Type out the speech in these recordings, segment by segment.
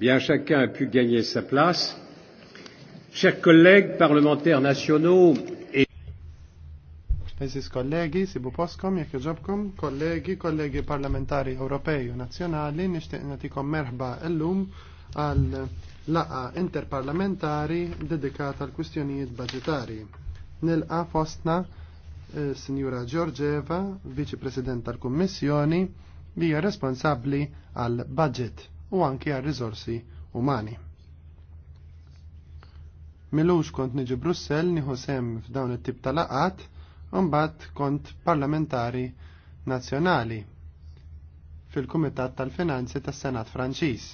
Bien, chacun a pu gagner sa place. Chers collègues parlementaires nationaux et Eżis kollegi, si bu poskom, jek ġobkom, kollegi, kollegi parlamentari europei u nazzjonali, nixtieq nagħtikom merħba l-lum għal laqa interparlamentari dedikata għal kustjonijiet budgetari. Nilqa fostna eh, Sinjura Giorgeva, Viċi President tal kommissjoni li hija responsabbli għal budget u anki għal rizorsi umani. Milux kont niġi Brussel niħu sem f'dawn it-tip tal laqat, mbagħad kont parlamentari nazzjonali fil-Kumitat tal-Finanzi tas-Senat Franċiż.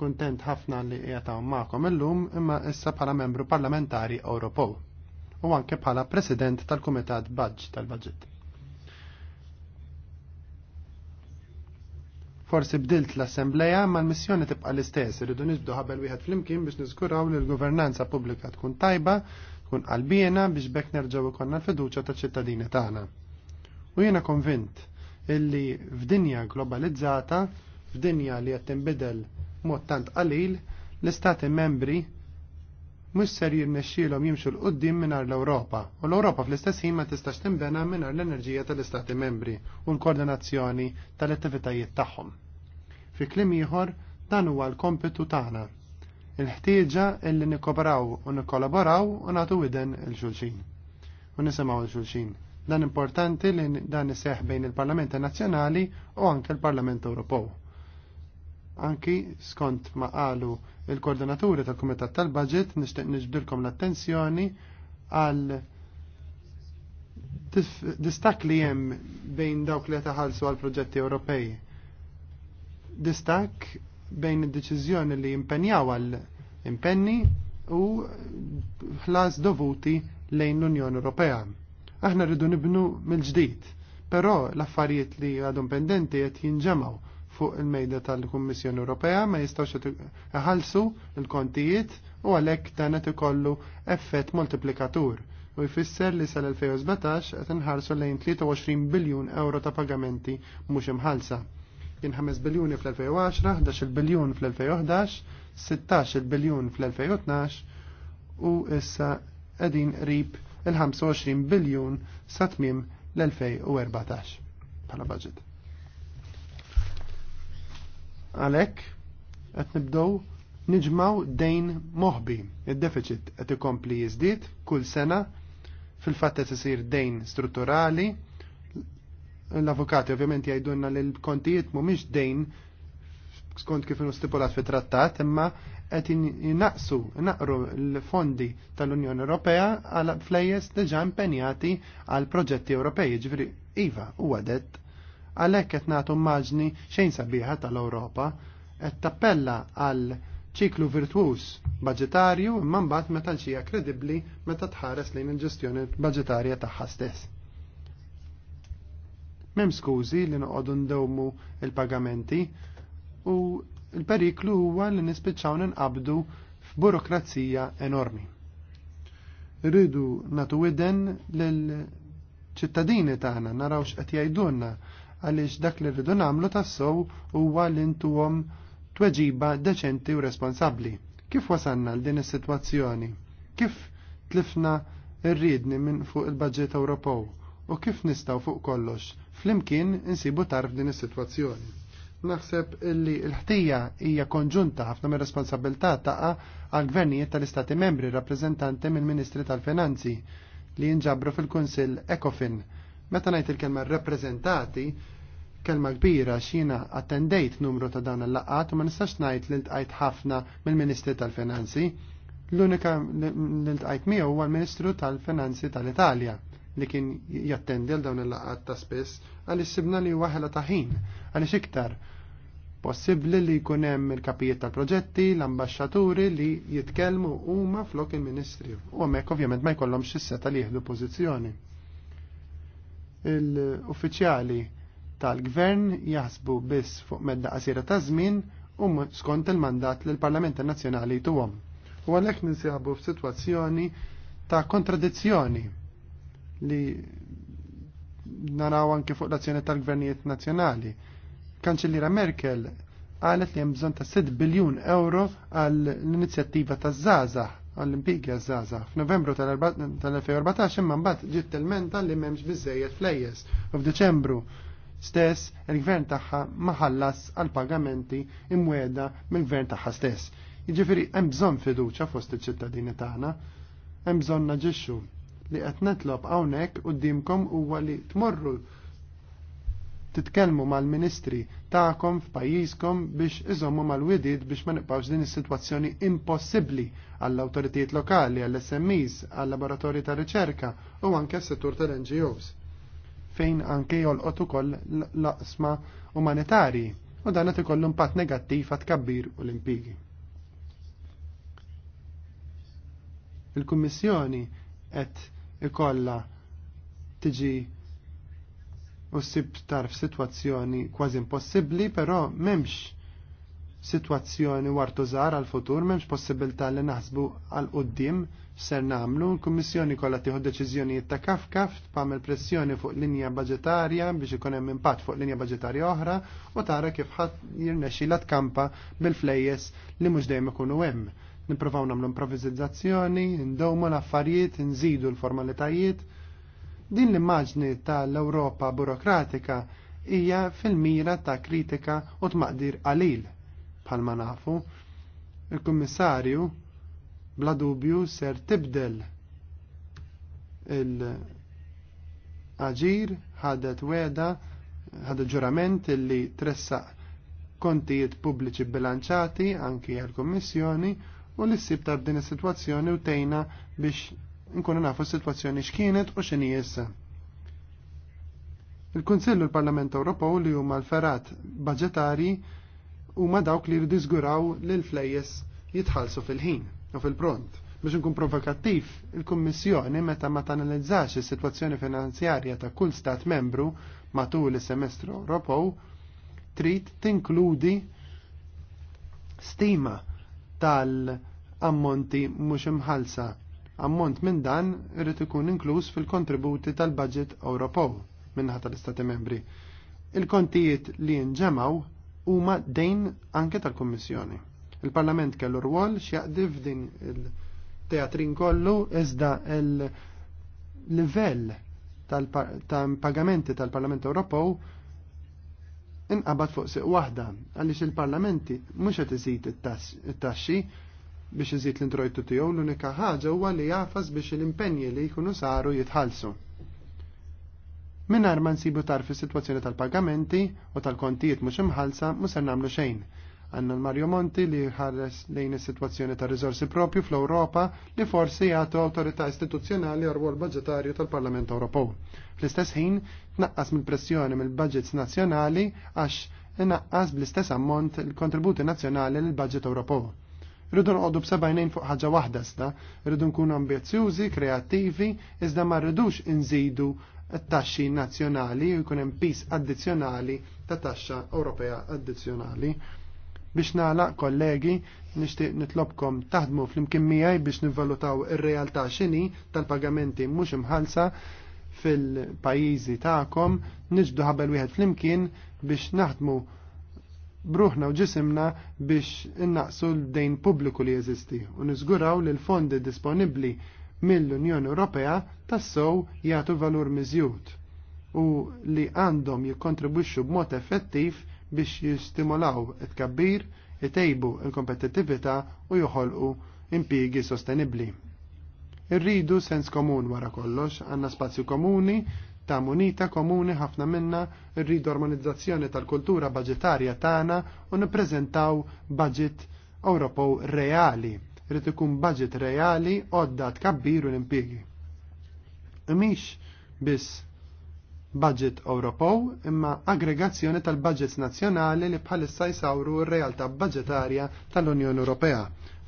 Kuntent ħafna li qiegħed hawn magħkom illum imma issa bħala membru parlamentari Ewropew u anke bħala President tal-Kumitat Baġġ tal-Budget. Forsi bdilt l-Assembleja ma l-missjoni tibqa l-istess, irridu nibdu ħabel wieħed flimkien biex niżguraw li l-governanza pubblika tkun tajba, tkun qalbiena biex bekk nerġgħu ikollna l-fiduċja taċ-ċittadini tagħna. U jiena konvint illi f'dinja globalizzata, f'dinja li qed tinbidel mod tant qalil, l-istati membri mhux ser jirnexxielhom jimxu l qoddim mingħajr l-Ewropa, u l-Ewropa fl-istess ħin ma tistax tinbena mingħajr l-enerġija tal-Istati membri u l-koordinazzjoni tal-attivitajiet tagħhom. Fi kliem ieħor dan huwa l-kompitu tagħna. Il-ħtieġa illi nikkooperaw u nikkolaboraw u nagħtu widen il-xulxin. U nisimgħu l-xulxin. Dan importanti li dan iseħħ bejn il parlamenti Nazzjonali u anke l-Parlament Ewropew. Anki skont ma qalu il-koordinaturi tal-Kumitat tal-Budget nixtieq niġbdilkom l-attenzjoni għal distak li hemm bejn dawk li taħalsu għal proġetti Ewropej. Distak bejn id-deċiżjoni li impenjaw għal impenni u ħlas dovuti lejn l-Unjoni Ewropea. Aħna rridu nibnu mill-ġdid, però l-affarijiet li għadhom pendenti qed jinġemgħu fuq il-mejda tal-Kummissjoni Ewropea ma jistgħux iħallsu l-kontijiet u għalhekk dan qed ikollu effett multiplikatur u jfisser li sal-2017 qed inħarsu lejn 23 biljun euro ta' pagamenti mhux imħalsa. Kien 5 biljuni fl-2010, 11 biljun fl-2011, 16 biljun fl-2012 u issa qegħdin rib il-25 biljun sa tmiem l-2014 bħala budget. Għalhekk qed nibdew niġmaw dejn moħbi. il deficit qed ikompli jizdit kull sena fil-fatt qed isir dejn strutturali. L-avukati ovvjament jgħidulna li l-kontijiet mhumiex dejn skont kif stipulat fi trattat, imma qed jinaqsu naqru l-fondi tal-Unjoni Ewropea għal flejjes diġà impenjati għal proġetti Ewropej, ġifri iva huwa għadet Għalhekk qed nagħtu maġni xejn sabiħa tal-Ewropa qed tappella għal ċiklu virtuż budgetarju imma mbagħad meta xija kredibbli meta tħares lejn il-ġestjoni budgetarja tagħha stess. Mem skużi li noqogħdu ndewmu il-pagamenti u il-periklu huwa li nispiċċaw ninqabdu f'burokrazija enormi. Rridu natu widen lil ċittadini tagħna narawx qed jgħidulna għaliex dak li rridu nagħmlu tassow huwa li ntuhom tweġiba deċenti u responsabbli. Kif wasanna l din is-sitwazzjoni? Kif tlifna rridni minn fuq il-budget Ewropew? U kif nistgħu fuq kollox? Flimkien insibu tarf din is-sitwazzjoni. Naħseb li l-ħtija hija konġunta ħafna mir responsabilità taqa għal gvernijiet tal-Istati membri rappreżentanti mill-Ministri tal-Finanzi li jinġabru fil-Kunsill ECOFIN. Meta ngħid il-kelma rappreżentati, kelma kbira xina attendejt numru ta' dan il-laqat u ma nistax najt li l-tqajt ħafna mill-Ministri tal-Finanzi. L-unika li l-tqajt miegħu huwa l-Ministru tal-Finanzi tal-Italja li kien jattendi l dawn il-laqat ta' spess għal sibna li waħela ta' ħin għaliex iktar possibbli li jkun hemm il-kapijiet tal-proġetti, l-ambasċaturi li jitkellmu huma flok il-Ministri u hemmhekk ovvjament ma jkollhomx is-seta jihdu pozizjoni. pożizzjoni. Il-uffiċjali tal-gvern jaħsbu biss fuq medda qasira ta' żmien u skont il-mandat li l-Parlament Nazzjonali tuhom. U għalhekk ninsibu f'sitwazzjoni ta' kontradizzjoni li naraw anke fuq l-azzjoni tal-gvernijiet nazzjonali. Kanċellira Merkel qalet li hemm bżonn ta' 6 biljun euro għall-inizjattiva taż Zaza għall-impigja zaza. F'Novembru tal-2014 imma mbagħad ġiet telmenta li m'hemmx biżejjed flejjes u f'Diċembru stess, il-gvern tagħha ma ħallas għal pagamenti imweda mill-gvern tagħha stess. Jiġifieri hemm bżonn fiduċja fost iċ-ċittadini tagħna, hemm bżonn naġixxu li qed netlob hawnhekk quddiemkom huwa li tmorru titkellmu mal-ministri tagħkom f'pajjiżkom biex iżommu mal-widiet biex ma nibqgħux din is-sitwazzjoni impossibbli għall awtoritijiet lokali, għall SMEs, għall laboratorji ta' riċerka u anke s-settur tal-NGOs fejn anke jolqot ukoll l-aqsma umanitarji u dan qed ikollu impatt negattiv għat kabbir u l-impigi. Il-Kummissjoni qed ikollha tiġi u sib tarf situazzjoni kważi impossibbli, però m'hemmx situazzjoni wartu żgħar għal futur m'hemmx possibilità li naħsbu għal qudiem ser namlu, l-Kummissjoni kollha tieħu deċiżjonijiet ta' kaf kaf tagħmel pressjoni fuq linja budgetarja biex ikun hemm impatt fuq linja budgetarja oħra u tara kif ħadd l tkampa bil-flejjes li mhux dejjem ikunu hemm. Nippruvaw nagħmlu improvvizizzazzjoni, ndowmu l-affarijiet, nżidu l-formalitajiet. Din l-immaġni tal-Ewropa burokratika hija fil-mira ta' kritika u tmaqdir qalil ma nafu. Il-Kummissarju bla dubju ser tibdel il-aġir ħadet weda ħadet ġurament illi tressaq kontijiet pubbliċi bilanċati anki għal-Kommissjoni u li ssib tar din is-sitwazzjoni u tejna biex nkunu nafu s-sitwazzjoni x'kienet u x'inhi issa. Il-Kunsill u l-Parlament Ewropew li huma l-ferat baġetari huma dawk li jridu jiżguraw li l-flejjes jitħallsu fil-ħin u fil-pront. Biex nkun provokattiv, il-Kummissjoni meta ma tanalizzax is-sitwazzjoni finanzjarja ta' kull stat membru matul is-semestru Ewropew trid tinkludi stima tal-ammonti mhux imħalsa. Ammont minn dan irid ikun inkluż fil-kontributi tal-budget Ewropew minnaħa tal-Istati membri. Il-kontijiet li nġemaw huma dejn anke tal-Kummissjoni. Il-Parlament kellu rwol x'jaqdi f'din il-teatrin kollu iżda il-livell tal-pagamenti tal-Parlament Ewropew inqabad fuq siq waħda għaliex il-parlamenti mhux qed iżid it-taxxi biex iżid l-introjtu tiegħu l-unika ħaġa huwa li jafas biex l-impenji li jkunu saru jitħallsu. Mingħajr ma nsibu tarfi is-sitwazzjoni tal-pagamenti u tal-kontijiet mhux imħallsa mhux se nagħmlu xejn. Għanna l-Mario Monti li ħarres lejn is-sitwazzjoni ta' riżorsi propju fl-Ewropa li forsi jagħtu awtorità istituzzjonali għal rwol budgetarju tal-Parlament Ewropew. Fl-istess ħin tnaqqas mill-pressjoni mill-budgets nazzjonali għax inaqqas bl-istess ammont il-kontributi nazzjonali lill budget Ewropew. Rridu nqoddu b'sebajnejn fuq ħaġa waħda sta, rridu nkunu ambizjużi, kreattivi, iżda ma rridux inżidu t-taxxi nazzjonali u jkun hemm pis addizzjonali ta' taxxa Ewropea addizzjonali. Biex nagħlaq kollegi, nixtieq nitlobkom taħdmu fl-imkien miegħi biex nivvalutaw ir-realtà x'inhi tal-pagamenti mhux imħalsa fil-pajjiżi tagħkom, niġbdu ħabel wieħed fl-imkien biex naħdmu bruħna u ġisimna biex innaqsu l-dejn pubbliku li jeżisti u niżguraw li l-fondi disponibbli mill-Unjoni Ewropea tassow jagħtu valur miżjud u li għandhom jikkontribwixxu b'mod effettiv biex jistimulaw it-kabbir, jtejbu il-kompetittività u joħolqu impjiegi sostenibbli. Irridu sens komun wara kollox, għandna spazju komuni, ta' munita komuni ħafna minna rridu armonizzazzjoni tal-kultura budgetarja tagħna u nippreżentaw budget Ewropew reali. Rrid ikun budget reali għodda tkabbir u l-impjiegi. Imix biss budget Ewropew imma aggregazzjoni tal-budgets nazzjonali li bħalissa jsawru r-realtà budgetarja tal-Unjoni Ewropea.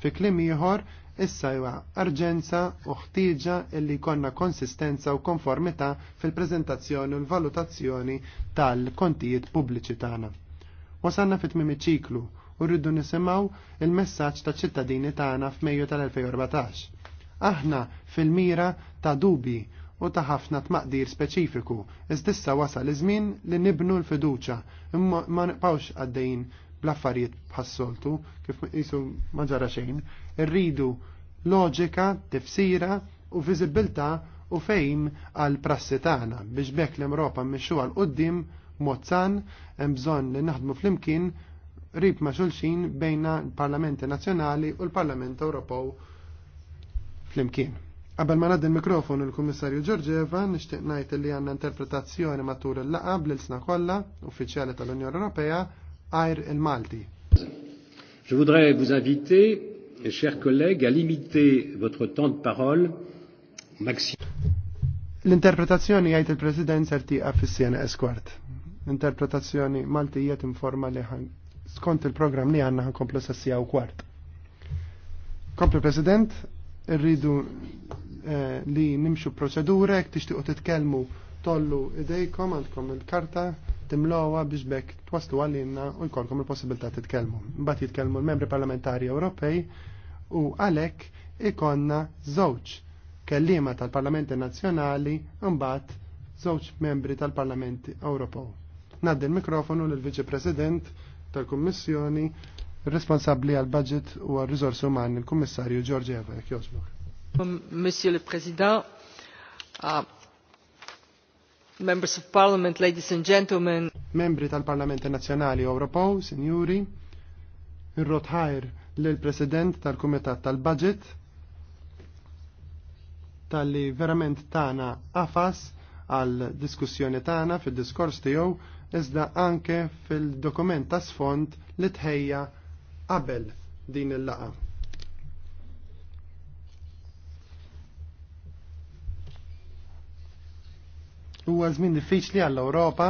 Fi kliem ieħor issa huwa arġenza u ħtieġa li jkollna konsistenza u konformità fil-preżentazzjoni u l-valutazzjoni tal-kontijiet pubbliċi tagħna. Wasanna fit mimi ċiklu u rridu nisimgħu il-messaġġ ta' ċittadini tagħna f'Mejju tal-2014. Aħna fil-mira ta' dubi u ta' ħafna tmaqdir speċifiku, iżdissa wasal iż-żmien li nibnu l-fiduċa, imma ma nibqawx għaddejn bl-affarijiet bħas-soltu kif qisu ma ġara xejn, irridu loġika, tifsira u viżibilità u fejm għal prassi tagħna biex bekk l-Ewropa mmexxu għal qudiem mod sann hemm bżonn li naħdmu flimkien rib ma' xulxin bejna l-Parlamenti Nazzjonali u l-Parlament Ewropew flimkien. Qabel ma naddi l-mikrofon il-Kummissarju Ġorġeva nixtieq ngħid li għandna interpretazzjoni matul il-laqab l sna kollha uffiċjali tal-Unjoni Ewropea għajr il-Malti. Je voudrais vous inviter, chers collègues, à limiter votre temps de parole maximum. L-interpretazzjoni jgħid il-President ser tieqa fis-siena esquart. L-interpretazzjoni Maltija informa li skont il-programm li għandna ħankomplu sessija u kwart. Komplu President, irridu Eh, li nimxu procedure, jek tixtiqu titkellmu tollu idejkom għandkom il-karta timlowa biex bekk twaslu għallinna u jkollkom il-possibilità titkellmu. Mbagħad jitkellmu l-membri parlamentari Ewropej u għalhekk ikonna żewġ kellima tal-Parlamenti Nazzjonali mbagħad żewġ membri tal-Parlamenti Ewropew. Naddi l-mikrofonu l viċi President tal-Kummissjoni responsabbli għal budget u għal rizorsi umani, il-Kummissarju Giorgia Evek. jek Monsieur le Président, uh, Members of Parliament, ladies and gentlemen. Membri tal-Parlament Nazzjonali Ewropew, Sinjuri, irrotħajr lill president tal-Kumitat tal-Budget, tal-li verament tana għafas għal diskussjoni tana fil-diskors tiegħu iżda anke fil-dokument ta' sfond li tħejja qabel din il-laqa. Huwa żmien diffiċli għall-Ewropa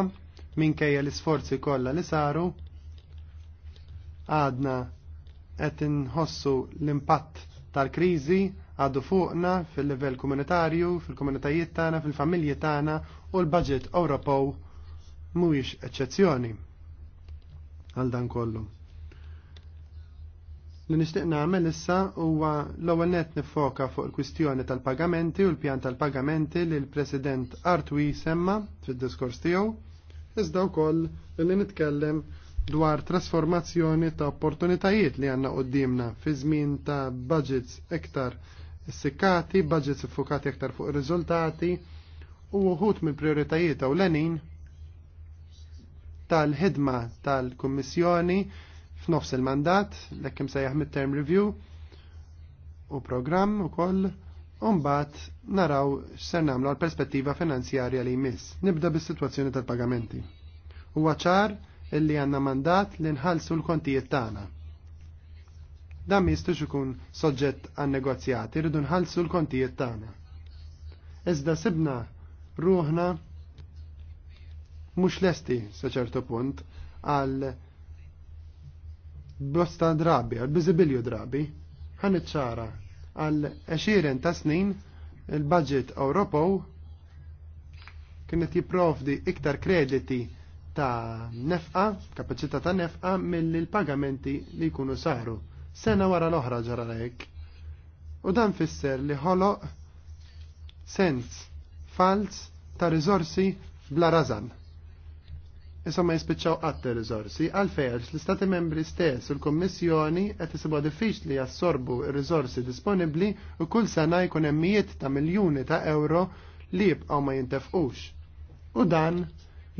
minkejja l-isforzi kollha li saru għadna qed inħossu l-impatt tal-kriżi għadu fuqna fil-livell komunitarju, fil-komunitajiet tagħna, fil-familji tagħna u l-budget Ewropew mhuwiex eċċezzjoni għal dan kollu. Li nixtieq nagħmel issa huwa l-ewwel nett nifoka fuq il-kwistjoni tal-pagamenti u l-pjan tal-pagamenti li l-President Artwi semma fid-diskors tiegħu, iżda wkoll li nitkellem dwar trasformazzjoni ta' opportunitajiet li għandna qudiemna fi żmien ta' budgets iktar sikkati, budgets iffukati iktar fuq ir-riżultati u uħut minn prioritajiet ewlenin tal-ħidma tal-Kummissjoni f'nofs il-mandat, l-ekkim sejjaħ mid-term review u program u koll, Umbat naraw x'ser namlu għal perspettiva finanzjarja li jmiss. Nibda bis situazzjoni tal-pagamenti. Huwa ċar illi għanna mandat li nħalsu l-kontijiet tagħna. Dan mistux ikun soġġett għan negozjati, rridu nħalsu l-kontijiet tagħna. Iżda sibna ruħna mhux lesti sa ċertu punt għal bosta drabi, għal bizibilju drabi, għan ċara għal 20 ta' snin il-budget Ewropew kienet jipprovdi iktar krediti ta' nefqa, kapacita ta' nefqa mill-pagamenti li jkunu saħru. Sena wara l-oħra ġararek. U dan fisser li ħoloq sens fals ta' rizorsi bla razan. Issa ma jispiċċaw qatt ir-riżorsi għalfejn l-Istati Membri stess u l-Kommissjoni qed isibgħu diffiċli jassorbu r-riżorsi disponibbli u kull sena jkun hemm mijiet ta' miljuni ta' euro li jibqgħu ma jintefqux. U dan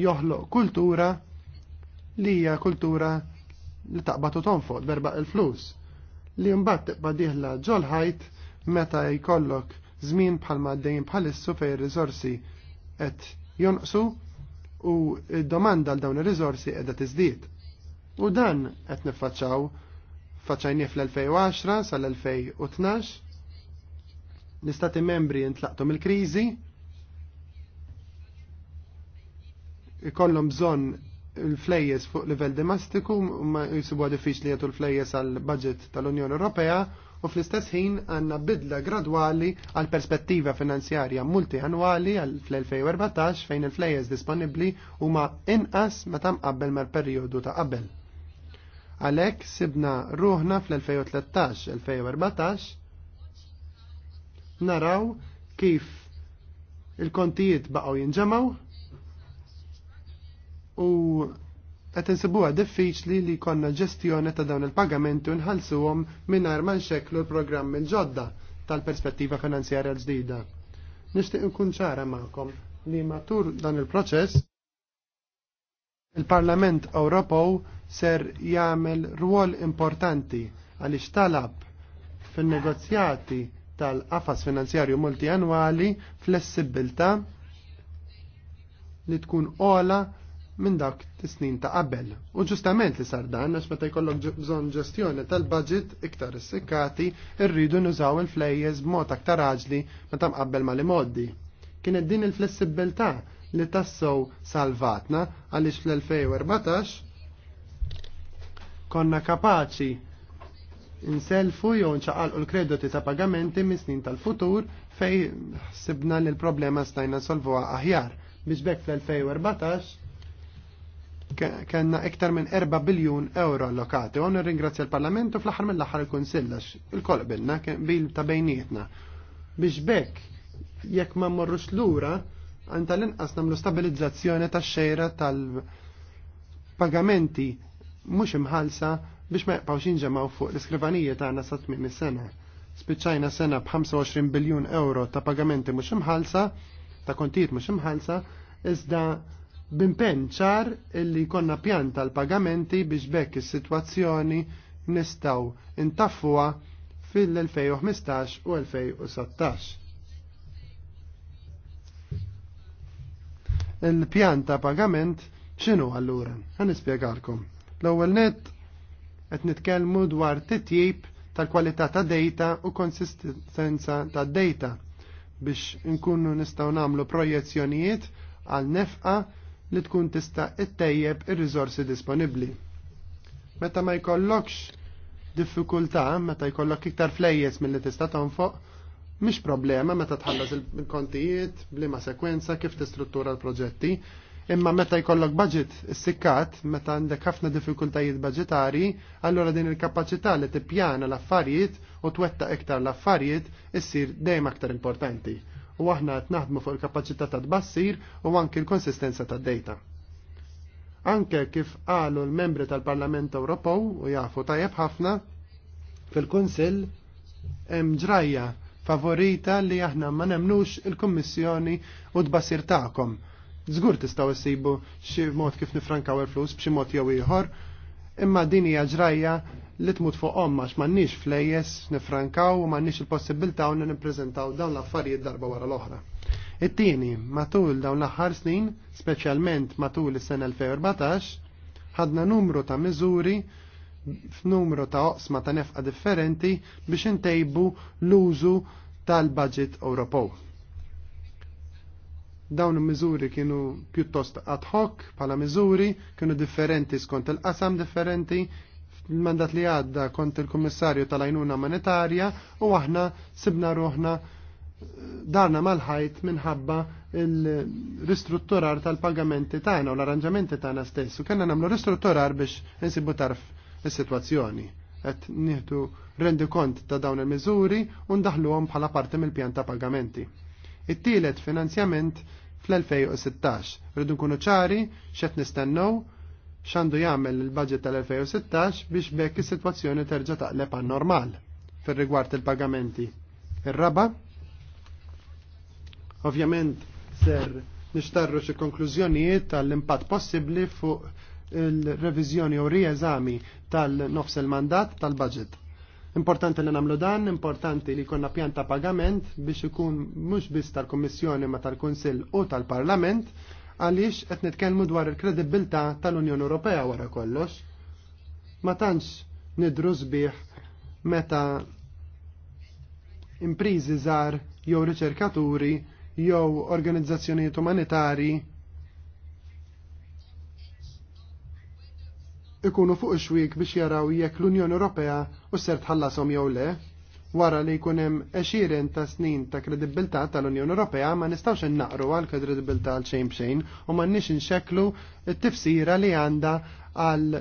joħloq kultura li hija kultura li taqbad u tonfoq berba il-flus li mbagħad tibqa' diħla ġolħajt meta jkollok żmien bħal maddejn bħalissu fejn ir-riżorsi qed jonqsu u domanda għal dawn ir-riżorsi qiegħda tiżdied. U dan qed niffaċċaw faċċajnieh fl-2010 sal-2012 l-istati membri intlaqtom il kriżi ikollhom bżonn il-flejjes fuq livell domestiku, ma jisibu diffiċli jagħtu l-flejjes għal budget tal-Unjoni Ewropea u fl-istess ħin għandna bidla gradwali għal perspettiva finanzjarja multianwali għal fl-2014 fejn il disponibli disponibbli huma inqas meta qabbel mal-perjodu ta' qabel. Għalhekk sibna ruħna fl-2013-2014 naraw kif il-kontijiet baqgħu jinġemgħu u qed insibuha diffiċli li jkollna ġestjoni ta' dawn il-pagamenti nħallsuhom mingħajr ma nxekklu l-programm il-ġodda tal-perspettiva finanzjarja l-ġdida. Nixtieq nkun ċara magħkom li matur dan il-proċess il-Parlament Ewropew ser jagħmel rwol importanti għaliex talab fin-negozjati tal-qafas finanzjarju multianwali flessibilta li tkun ola minn dak t-snin ta' qabel. U ġustament li sar dan, għax meta jkollok bżonn ġestjoni tal-budget iktar issikkati, irridu nużaw il-flejjes b'mod aktar aġli meta mqabbel ma' li moddi. Kienet din il-flessibilità li tassow salvatna għaliex fl-2014 konna kapaċi inselfu jew nċaqalqu l-krediti ta' pagamenti minn snin tal-futur fej sibna li l-problema stajna solvuha aħjar biex bekk fl-2014 kellna iktar minn 4 biljun euro allokati. Għon ringrazzja l-Parlament u fl-aħħar mill-aħħar il-Kunsill għax il-kolq bilna bil ta' bejnietna. Biex bekk jekk ma morrux lura għan tal-inqas namlu stabilizzazzjoni ta' xejra tal-pagamenti mhux imħalsa biex ma jaqpawx jinġemaw fuq l-iskrivanija tagħna sa tmiem is-sena. Spiċċajna sena b'25 biljun euro ta' pagamenti mhux imħalsa, ta' kontijiet mhux imħalsa, iżda b'impenn ċar illi konna pjan tal-pagamenti biex bekk is-sitwazzjoni nistaw intaffuha fil-2015 u 2016. Il-pjan ta' pagament x'inhu allura? Ħan nispjegalkom. L-ewwel net qed nitkellmu dwar titjib tal-kwalità ta' data u konsistenza ta' data biex nkunu nistaw namlu projezzjonijiet għal nefqa li tkun tista' ittejjeb ir-riżorsi disponibbli. Meta ma jkollokx diffikultà, meta jkollok iktar flejjes milli tista' tonfoq, mhix problema meta tħallas il-kontijiet, bliema sekwenza kif tistruttura l-proġetti, imma meta jkollok budget sikkat, meta għandek ħafna diffikultajiet budgetari, allora din il kapaċità li tippjana l-affarijiet u twetta iktar l-affarijiet issir dejjem aktar importanti u aħna qed naħdmu fuq il-kapaċità ta' tbassir u anke l-konsistenza tad-dejta. Anke kif qalu l-membri tal-Parlament Ewropew u jafu tajjeb ħafna fil-Kunsill hemm ġrajja favorita li aħna ma nemnux il-Kummissjoni u tbassir tagħkom. Żgur tistgħu issibu xi mod kif nifrankaw il-flus b'xi mod jew ieħor, imma din hija ġrajja li tmut fuqhom għax m'għandniex flejjes nifrankaw u m'għandniex il-possibilità u nippreżentaw dawn l-affarijiet darba wara l-oħra. It-tieni, matul dawn l-aħħar snin, speċjalment matul is-sena 2014, ħadna numru ta' miżuri f'numru ta' oqsma ta' nefqa differenti biex intejbu l-użu tal-budget Ewropew. Dawn il-miżuri kienu pjuttost ad hoc bħala miżuri, kienu differenti skont il-qasam differenti, mandat li għadda kont il-Kummissarju tal-Ajnuna Monetarja u aħna sibna ruħna eh, darna mal-ħajt minħabba il-ristrutturar tal-pagamenti tagħna u l-arranġamenti tagħna stessu. Kenna namlu nagħmlu ristrutturar biex insibu tarf is-sitwazzjoni. Qed nieħdu rendi kont ta' dawn il-miżuri u ndaħluhom bħala parti mill-pjan ta' pagamenti. It-tielet finanzjament fl-2016. Rridu nkunu ċari x'qed nistennew xandu jagħmel il-budget tal-2016 biex bekk is-sitwazzjoni terġa' taqleb għan normal fir-rigward il-pagamenti. Ir-raba ovvjament ser nixtarru xi konklużjonijiet tal-impatt possibbli fuq il-reviżjoni u rieżami tal-nofs il-mandat tal-budget. Importanti li namlu dan, importanti li konna pjan ta' pagament biex ikun mhux biss tal kummissjoni ma tal-Kunsill u tal-Parlament għaliex qed nitkellmu dwar il-kredibilità tal-Unjoni Ewropea wara kollox. Ma tantx nidru sbieħ meta imprizi żgħar jew riċerkaturi jew organizzazzjonijiet umanitarji ikunu fuq ix-xwik biex jaraw jekk l-Unjoni Ewropea u ser tħallasom jew le wara li jkun hemm 20 ta' snin ta' kredibilità tal-Unjoni Ewropea ma nistgħux innaqru għal kredibilità għal xejn xejn u m'għandniex inxekklu t-tifsira li għandha għal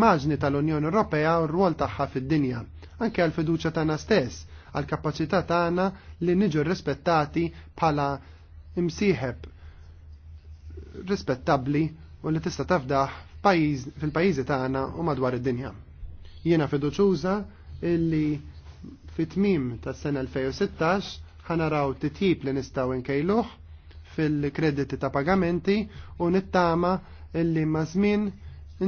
maġni tal-Unjoni Ewropea u r-rwol tagħha fid-dinja, anke għal fiduċja tagħna stess, għal kapaċità tagħna li niġu rispettati bħala imsieħeb rispettabbli u li tista' tafdaħ fil-pajjiżi tagħna u madwar id-dinja. Jiena fiduċuża illi fit-tmim tas-sena 2016 ħanaraw titjib li nistgħu nkejluh fil-krediti ta' pagamenti u nittama illi ma' żmien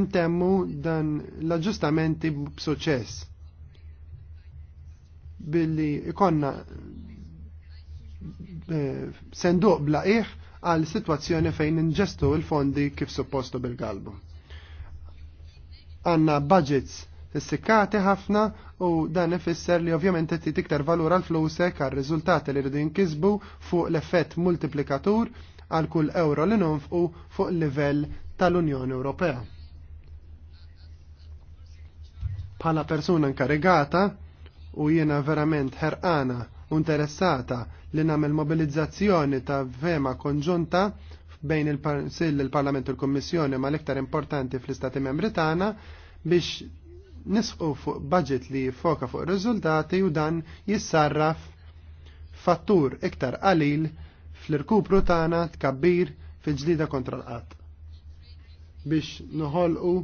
intemmu dan l-aġġustamenti b'suċċess. Billi ikonna eh, senduq blaqih għal situazzjoni fejn inġestu l fondi kif supposto bil-galbu. Għanna budgets Is-sikkati ħafna u dan ifisser li ovvjament qed tiktar valur għal flusek għal riżultati li rridu jinkisbu fuq l-effett multiplikatur għal kull euro li nonfqu fuq il-livell tal-Unjoni Ewropea. Bħala persuna inkarigata u jiena verament ħerqana u interessata li nagħmel mobilizzazzjoni ta' vema konġunta bejn il-Parlament u l-Kommissjoni mal iktar importanti fl-Istati Membri tagħna biex nisqu fuq budget li foka fuq riżultati u dan jissarraf fattur iktar qalil fl-irkupru tagħna tkabbir fil-ġlida kontra l-qatt. Biex noħolqu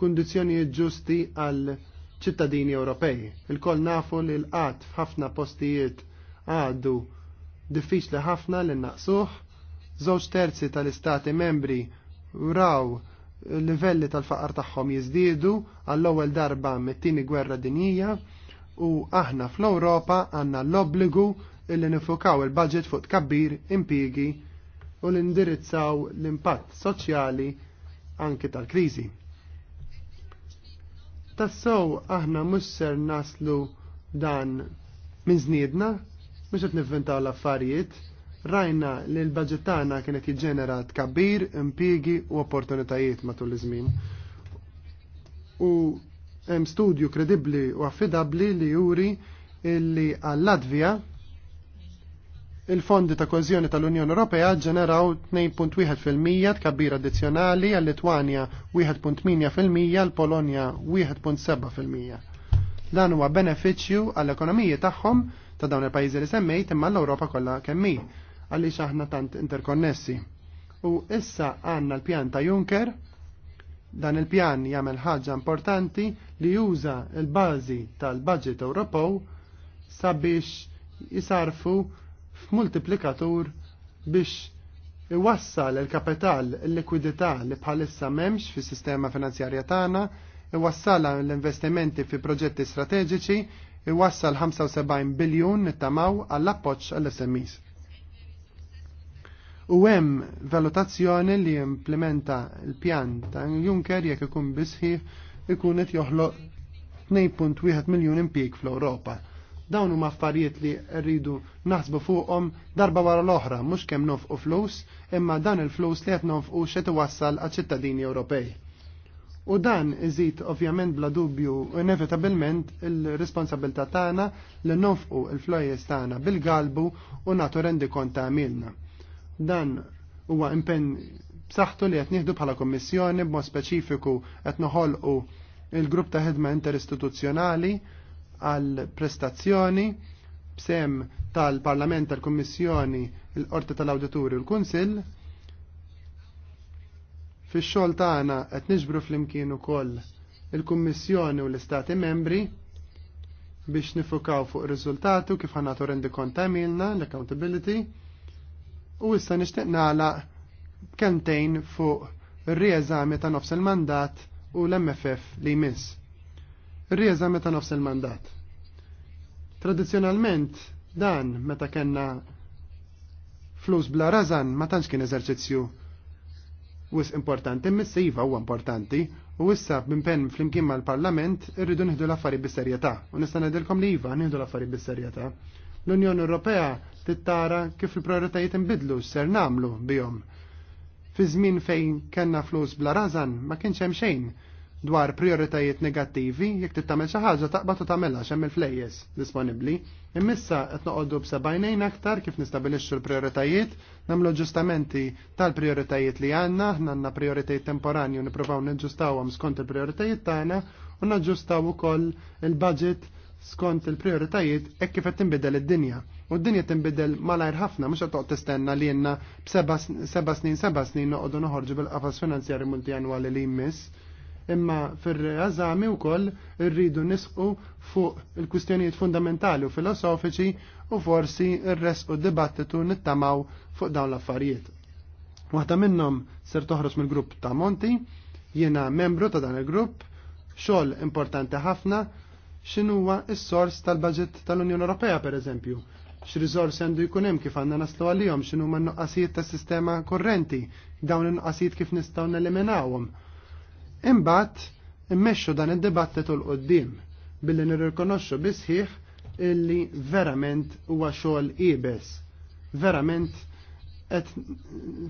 kundizzjonijiet ġusti għal ċittadini Ewropej. Il-koll nafu li l-qatt f'ħafna postijiet għadu diffiċli ħafna li naqsuh, żewġ terzi tal-istati membri raw livelli tal-faqar tagħhom jiżdiedu għall-ewwel darba mit-tieni gwerra dinjija u aħna fl-Ewropa għandna l-obbligu illi nifukaw il-budget fuq tkabbir impigi u l-indirizzaw l-impatt soċjali anki tal-kriżi. Tassow aħna musser naslu dan minn żniedna, mhux qed l-affarijiet, Rajna li l-budget tagħna kienet jiġġenera tkabbir, impigi u opportunitajiet matul iż-żmien. U hemm studju kredibbli u affidabbli li juri illi għall-Latvija il-fondi ta' kozjoni tal-Unjoni Ewropea ġeneraw 2.1% tkabbir addizzjonali għal Litwanja 1.8%, għal Polonja 1.7%. Dan huwa benefiċċju għall ekonomiji tagħhom ta' dawn il-pajjiżi li semmejt imma l-Ewropa kollha kemm għaliex aħna tant interkonnessi. U issa għanna l-pjan ta' Juncker, dan il-pjan jagħmel ħaġa importanti li juża l-bażi tal-budget Ewropew sabiex jisarfu f'multiplikatur biex iwassal il-kapital, il-likwidità li bħalissa memx fi sistema finanzjarja tagħna, iwassala l-investimenti fi proġetti strateġiċi, iwassal 75 biljun nittamaw għall-appoċ għall smis u hemm valutazzjoni li implementa l-pjan ta' Juncker jekk ikun bisħiħ ikun qed joħloq 2.1 miljun impjieg fl-Ewropa. Dawn huma affarijiet li rridu naħsbu fuqhom darba wara l-oħra mhux kemm nofqu flus, imma dan il-flus li qed nofqu xed iwassal għaċ-ċittadini Ewropej. U dan iżid ovvjament bla dubju inevitabilment il responsabilta tagħna li nofqu il flojes tagħna bil-galbu u nagħtu rendi ta' għamilna. Dan huwa impenn b'saħħtu li qed nieħdu bħala Kommissjoni b'mod speċifiku qed noħolqu il-grupp ta' ħidma interistituzzjonali għal prestazzjoni b'sem tal-Parlament tal-Kummissjoni l-Qorti tal-Awdituri u l-Kunsill fix-xogħol tagħna qed niġbru flimkien ukoll il-Kummissjoni u l-Istati Membri biex nifukaw fuq riżultati kif ħanatu rendi kont ta' għamilna l-accountability U issa nixtieq nagħlaq kentejn fuq rieżami ta' nofs il-mandat u l-MFF li jmiss. rieżami ta' nofs il-mandat. Tradizzjonalment dan meta kellna flus bla razan ma tantx kien eżerċizzju wis importanti, imissa iva huwa importanti, u issa b'impenn flimkien mal-Parlament irridu nieħdu l-affari bis-serjetà. U nista' ngħidilkom li iva nieħdu l-affari bis-serjetà. L-Unjoni Ewropea tittara kif il-prioritajiet imbidlu ser namlu bihom. Fi żmien fejn kellna flus bla razan ma kienx hemm xejn dwar prioritajiet negattivi jekk tittamel xi ħaġa taqbad u tagħmelha x'hemm il-flejjes disponibbli. Immissa qed noqogħdu b'sebgħinejn aktar kif nistabilixxu l-prioritajiet, nagħmlu ġustamenti tal-prioritajiet li għandna, aħna għandna prioritajiet temporanju nippruvaw niġġustawhom skont il-prioritajiet tagħna u naġġustaw ukoll il-budget skont il-prioritajiet hekk kif qed tinbidel id-dinja. U d-dinja tinbidel malajr ħafna mhux qed toqgħod tistenna li jenna seba' snin seba' snin noqogħdu noħorġu bil-qafas finanzjarji multijanwali li jmiss. Imma fir-reżami wkoll irridu nisqu fuq il-kwistjonijiet fundamentali u filosofiċi u forsi r-resqu dibattitu nittamaw fuq dawn l-affarijiet. Waħda minnhom ser toħroġ mill-grupp ta' Monti, jiena membru ta' dan il-grupp, xogħol importanti ħafna x'inhuwa s-sors tal-budget tal-Unjoni Ewropea pereżempju. X'rizors għandu jkun hemm kif għandna naslu għalihom x'inhuma n-nuqqasijiet tas-sistema korrenti, dawn in-nuqqasijiet kif nistgħu neliminawhom. Imbagħad immexxu dan id u l qoddim billi nirrikonoxxu bisħiħ illi verament huwa xogħol ibes. Verament qed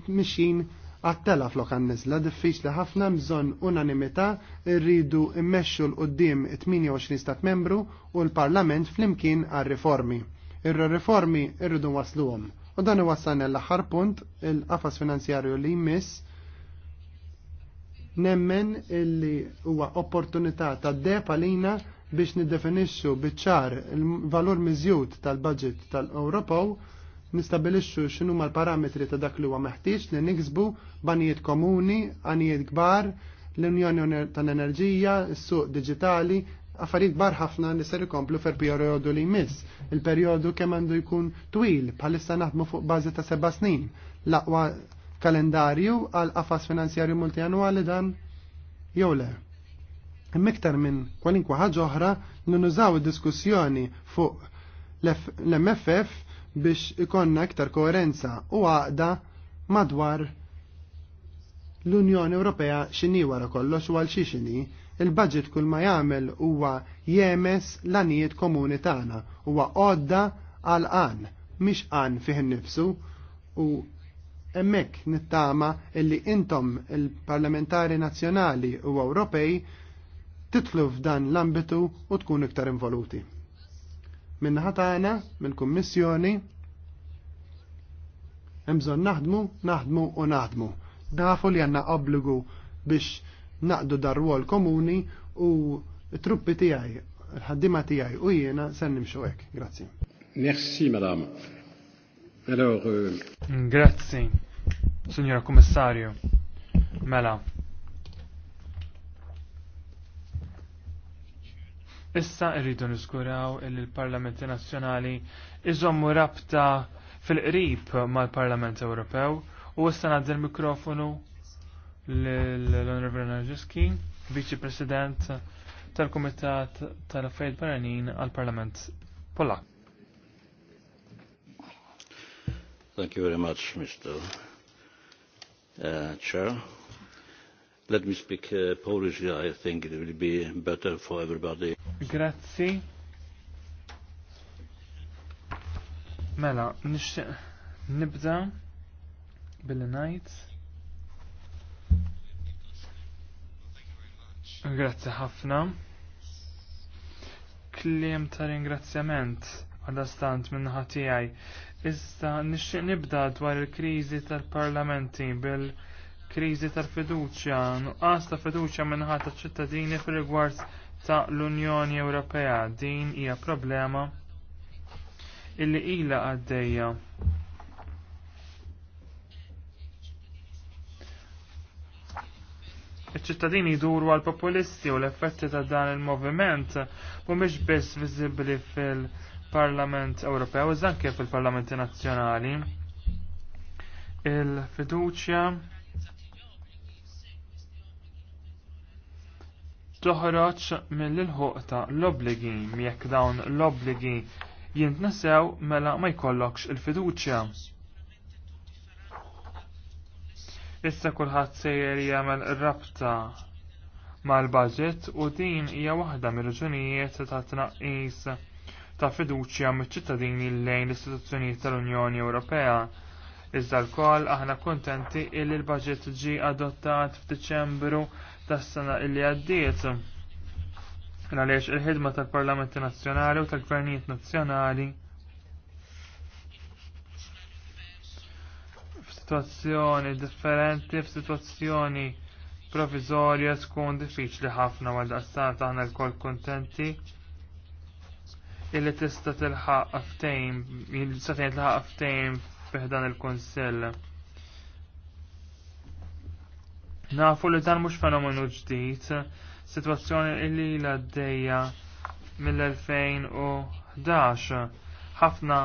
mixin Għattela flok għannizla diffiċli ħafna mżon unanimità rridu immexxu l-qoddim 28 stat membru u l-Parlament flimkien għal riformi. Ir-riformi rridu wasluhom. U dan wassan l-aħħar punt il-qafas finanzjarju li jmiss nemmen illi huwa opportunità ta' depa lina biex niddefinixxu biċ-ċar il-valur miżjud tal-budget tal-Ewropew tal budget tal ewropew nistabilixxu x'inhu l-parametri ta' dak li huwa meħtieġ li niksbu banijiet komuni, għanijiet kbar, l-Unjoni tal-Enerġija, is-suq diġitali, affarijiet kbar ħafna li ser ikomplu fer perjodu li jmiss. Il-perjodu kemm għandu jkun twil bħalissa naħdmu fuq bażi ta' seba' snin. L-aqwa kalendarju għal qafas finanzjarju multianwali dan jew le. Miktar minn kwalinkwa ħaġa oħra li nużaw id-diskussjoni fuq l-MFF biex ikonna iktar koerenza u għaqda madwar l-Unjoni Ewropea x'inhi wara kollox u għal xini, il-budget kull ma jagħmel huwa jemes l-anijiet komuni tagħna, huwa għodda għal qan, mhix qan fih innifsu u hemmhekk nittama illi intom il-parlamentari nazzjonali u Ewropej titlu f'dan l-ambitu u tkun iktar involuti. Minna ħatana, minn kummissjoni, imżon naħdmu, naħdmu u naħdmu. Dafu li għanna obbligu biex naqdu darwol komuni u truppi tijaj, l-ħaddima tijaj u jiena sen nimxu hekk. Grazzi. Merci, madame. Alors, euh... Grazzi, signora Commissario. Mela, Issa irridu niskuraw il parlamenti Nazzjonali iżommu rabta fil-qrib mal-Parlament Ewropew u issa ngħaddi mikrofonu l-Onorevole Narġiski, Vice President tal-Kumitat tal affajt Baranin għal-Parlament Polak. Thank you very much, Mr. Uh, Chair. Let me speak uh, Polish. I think it will be better for everybody. Grazzi. Mela, nishtiq nibda billi ngħid. Grazzi ħafna. Kliem ta' ringrazzjament għal-astant minnaħa tiegħi. Issa nixtieq nibda dwar il-kriżi tal-parlamenti bil- kriżi tal-fiduċja, nuqqas ta' fiduċja minn ħata ċittadini fil rigward ta' l-Unjoni Ewropea din hija problema illi ilha għaddejja iċ-ċittadini jduru għal populisti u l-effetti ta' dan il-moviment mhumiex biss viżibbli fil-Parlament Ewropew iżda anke fil-Parlamenti Nazzjonali. Il-fiduċja toħroġ mill-ilħuq ta' l-obligi jekk dawn l-obligi jintnesew mela ma jkollokx il-fiduċja. Issa kulħadd sejjer jagħmel rabta mal-budget u din hija waħda mir-raġunijiet ta' tnaqqis ta' fiduċja miċ-ċittadini lejn l-istituzzjonijiet tal-Unjoni Ewropea. Iżda l-koll aħna kontenti illi l-budget ġi adottat f'Diċembru tas-sena illi għaddiet għaliex il-ħidma tal-Parlamenti Nazzjonali u tal-Gvernijiet Nazzjonali f'sitwazzjoni differenti, f'sitwazzjoni provizorja tkun diffiċli ħafna għal daqstant aħna l-kol kontenti illi tista' tilħaq ftejn, il tista' tilħaq ftejn il-Konsell. Nafu li dan mhux fenomenu ġdid, sitwazzjoni li ilha għaddejja mill-2011. Ħafna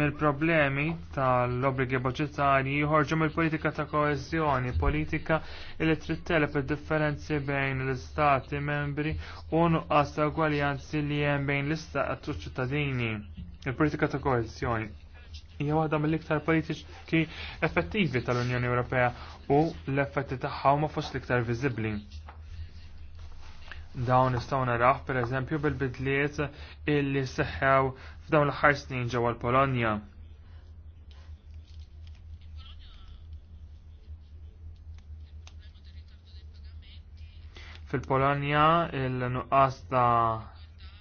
mill-problemi tal obbligi budgetarji jħorġu mill-politika ta' koezjoni, politika li trid telep id-differenzi bejn l-istati membri u nuqqas ta' gwaljanzi li hemm bejn l istati u ċittadini. Il-politika ta' koezjoni hija waħda mill-iktar politiċi effettivi tal-Unjoni Ewropea u l-effetti tagħha ma fost l-iktar viżibbli. Dawn nistgħu naraw pereżempju bil-bidliet illi seħħew f'dawn l-aħħar snin ġewwa l-Polonja. Fil-Polonja il-nuqqas ta'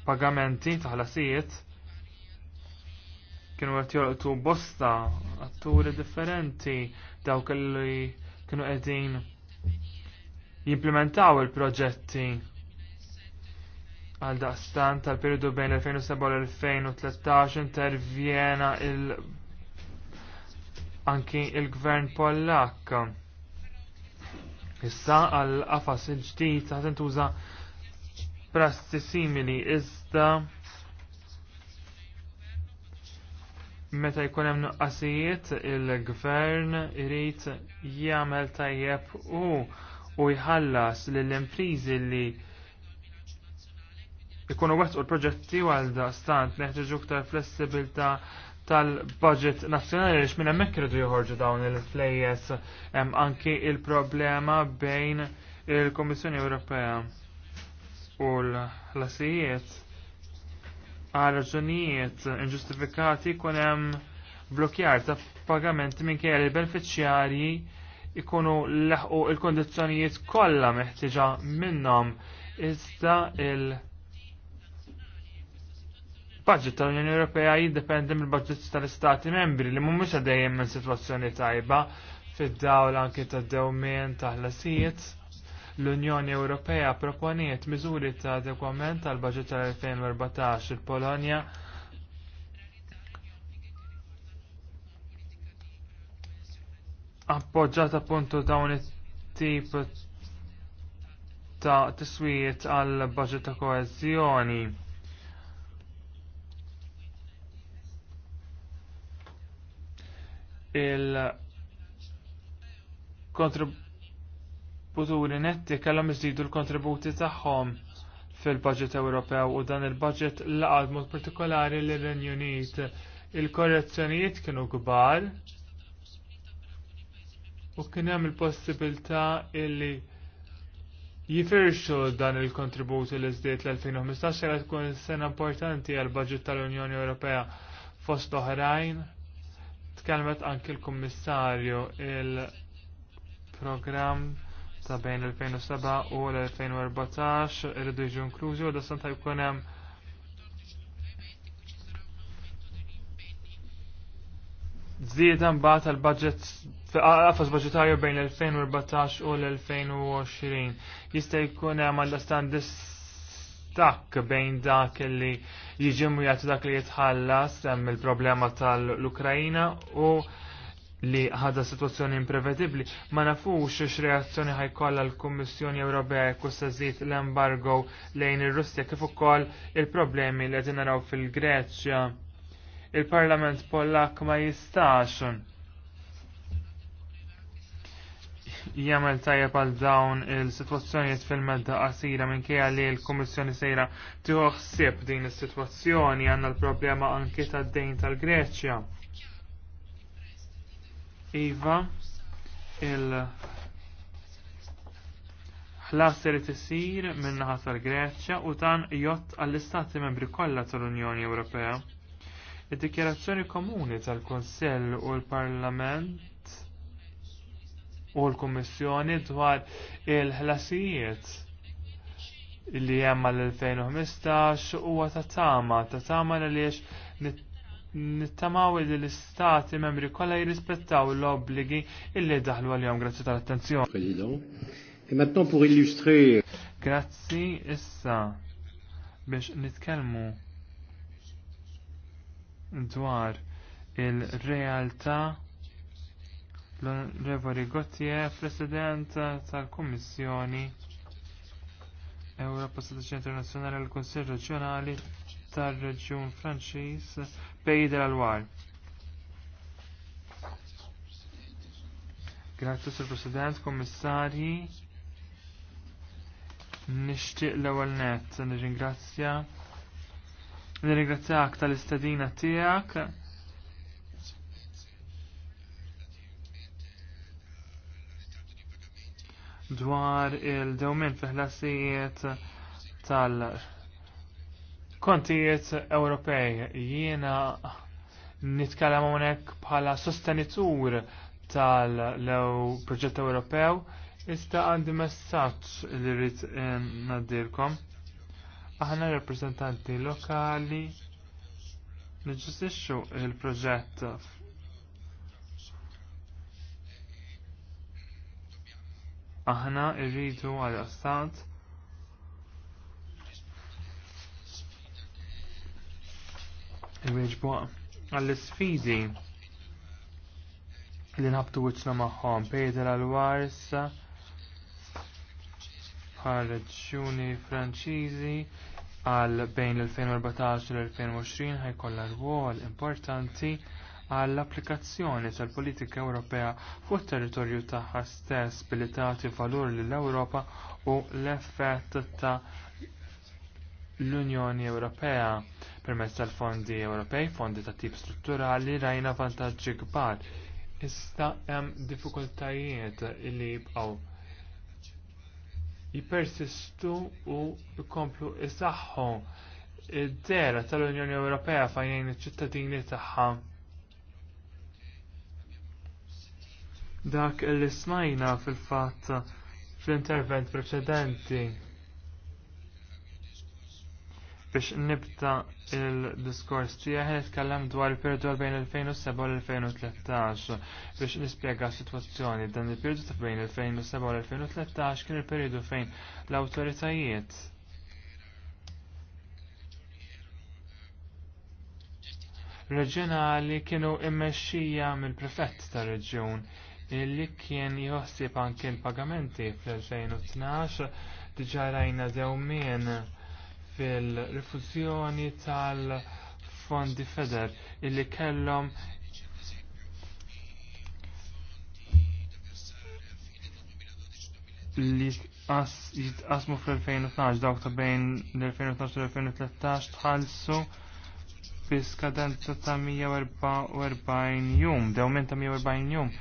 pagamenti ta' ħlasijiet kienu għet jolqtu bosta atturi differenti dawk li kienu għedin jimplementaw il-proġetti għal daqstan tal-periodu bejn 2007 u 2013 intervjena il- anki il-gvern Pollak. Issa għal qafas il-ġdid ta' prassi simili iżda meta jkun hemm nuqqasijiet il-gvern irid jagħmel tajjeb u u jħallas lill-imprizi li ikunu wettqu l-proġetti għal stant neħtieġu iktar flessibilità tal-budget nazzjonali biex minn hemmhekk iridu joħorġu dawn il-flejjes hemm anki il-problema bejn il-Kummissjoni Ewropea u l-ħlasijiet għal raġunijiet inġustifikati jkun hemm blokjar ta' pagamenti minn li il benefiċjarji ikunu leħqu il-kondizzjonijiet kollha meħtieġa minnhom iżda il- Budget tal-Unjoni Ewropea jiddependi mill-budget tal-Istati membri li mhumiex għaddejjem minn sitwazzjoni tajba fid-dawl anke tad-dewmien taħlasijiet. L-Unjoni Ewropea proponiet miżuri ta' adekwament tal baġit tal-2014 il-Polonja appoġġat appunto dawn it-tip ta' tiswiet għal budget ta' koezjoni. il kontributuri netti kellhom iżidu l-kontributi tagħhom fil-budget Ewropew u dan il-budget laqad mod partikolari l renju Unit. Il-korrezzjonijiet kienu kbar u kien hemm il-possibilità illi jifirxu dan il-kontributi li żdiet l-2015 għal tkun sena importanti għal budget tal-Unjoni Ewropea fost oħrajn. Tkellmet anki l-Kummissarju il-programm ta' bejn il 2007 u l-2014 irridu jiġu inklużi u dasan ta' jkun hemm Zieda mbagħad tal-budget qafas budgetarju bejn il 2014 u l-2020. Jista' jkun hemm għal standis bejn dak li jiġi mwjat dak li jitħallas hemm il-problema tal-Ukrajina u li ħadha situazzjoni imprevedibbli, ma nafux x'reazzjoni ħajkolla l-Kummissjoni Ewropea jekk żied l-embargo lejn ir-Russja kif ukoll il-problemi li qegħdin naraw fil-Greċja. Il-Parlament Pollak ma jistax jagħmel tajjeb għal dawn il-sitwazzjonijiet fil-medda qasira minkejja li l-Kummissjoni sejra tieħu ħsieb din is-sitwazzjoni għandna l-problema anke tad-dejn tal-Greċja. Iva, il-ħlas li tisir naħa tal-Greċja u dan jott għall-istati membri kollha tal-Unjoni Ewropea. Id-dikjerazzjoni komuni tal kunsell u l-Parlament u l kummissjoni dwar il-ħlasijiet li hemm għal 2015 huwa ta' tama, ta' tama li nit nittamaw li l-istati membri kollha jirrispettaw l-obbligi illi daħlu għal-jom grazzi tal-attenzjoni. President, e maintenant pour illustrer. Grazzi issa biex nitkellmu dwar il-realtà l-Onorevoli Gottie, President tal-Kommissjoni Europa Sadaċi Internazjonali l-Konsil Reġjonali tar-Reġjun Franċiż Pays de la Loire. Grazzi Sir President, Kommissarji. Nixtieq l-ewwel nett nirringrazzja nirringrazzjak tal-istedina tiegħek. dwar il-dewmin ħlasijiet tal- kontijiet Ewropej. Jiena nitkellem hawnhekk bħala sostenitur tal-lew proġett Ewropew, iżda għandi messaġġ li rrid eh, ngħaddilkom. Aħna rappreżentanti lokali niġġistixxu il-proġett aħna rridu għal-astant inwieġbu għall-sfidi li nħabtu magħhom maħħom Peter Alwarsa bħal reġjuni Franċiżi għal bejn l-2014 u l-2020 ħajkollha rwol importanti għall applikazzjoni tal-politika Ewropea fuq it territorju tagħha stess billi tagħti valur lill ewropa u l-effett ta' l-Unjoni Ewropea Permezz tal-fondi Ewropej, fondi ta' tip strutturali, rajna vantaġġi kbar. Issa hemm diffikultajiet li jibqgħu jipersistu u jkomplu isaħħu id-dera tal-Unjoni Ewropea fajnejn iċ-ċittadini tagħha. Dak li smajna fil-fatt fl-intervent preċedenti biex nibda il-diskors tiegħi nitkellem dwar il-periodu bejn il 2007 u 2013 biex nispjega s-sitwazzjoni dan il-periodu ta' bejn il 2007 u 2013 kien il-periodu fejn l-awtoritajiet reġjonali kienu immexxija mill-prefett tar-reġjun illi kien jħossib anke l-pagamenti fl-2012 diġa rajna dewmien fil-rifużjoni tal-fondi feder illi kellhom li jitqasmu fl-2012 dawk ta' bejn l-2012 u l-2013 tħallsu bi skadenza ta' 144 jum, dewmin ta' 140 jum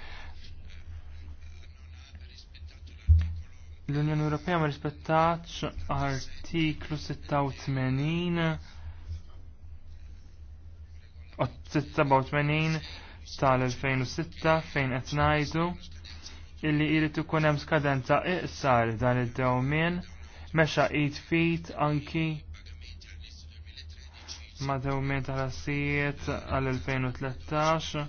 L-Unjoni Ewropea ma rispettax artiklu 86 87 tal-2006 fejn qed ngħidu illi jrid ikun hemm skadenza iqsar dan id-dewmien mexa qid fit anki ma' dewmien ta' rassijiet għal 2013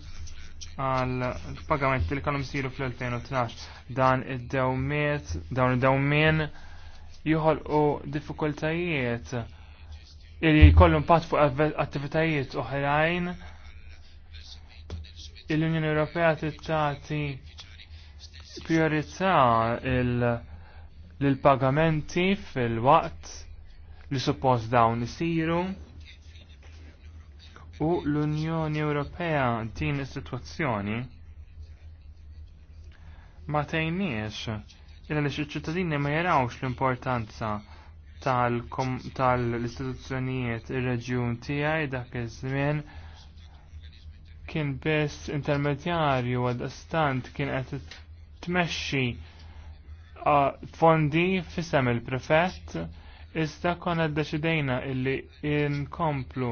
għal pagamenti li kellhom isiru fl-2012 dan id-dawmiet, dawn id-dawmien joħolqu diffikultajiet illi jkollu impatt fuq attivitajiet oħrajn il unjoni Ewropea tittati priorità l-pagamenti fil-waqt li suppost dawn isiru u l-Unjoni Ewropea din is-sitwazzjoni ma tejniex illa li ċittadini ma jarawx l-importanza tal-istituzzjonijiet ir-reġjun tiegħi dak iż-żmien kien biss intermedjarju għad stant kien qed tmexxi fondi fisem il-prefett iżda konna ddeċidejna illi inkomplu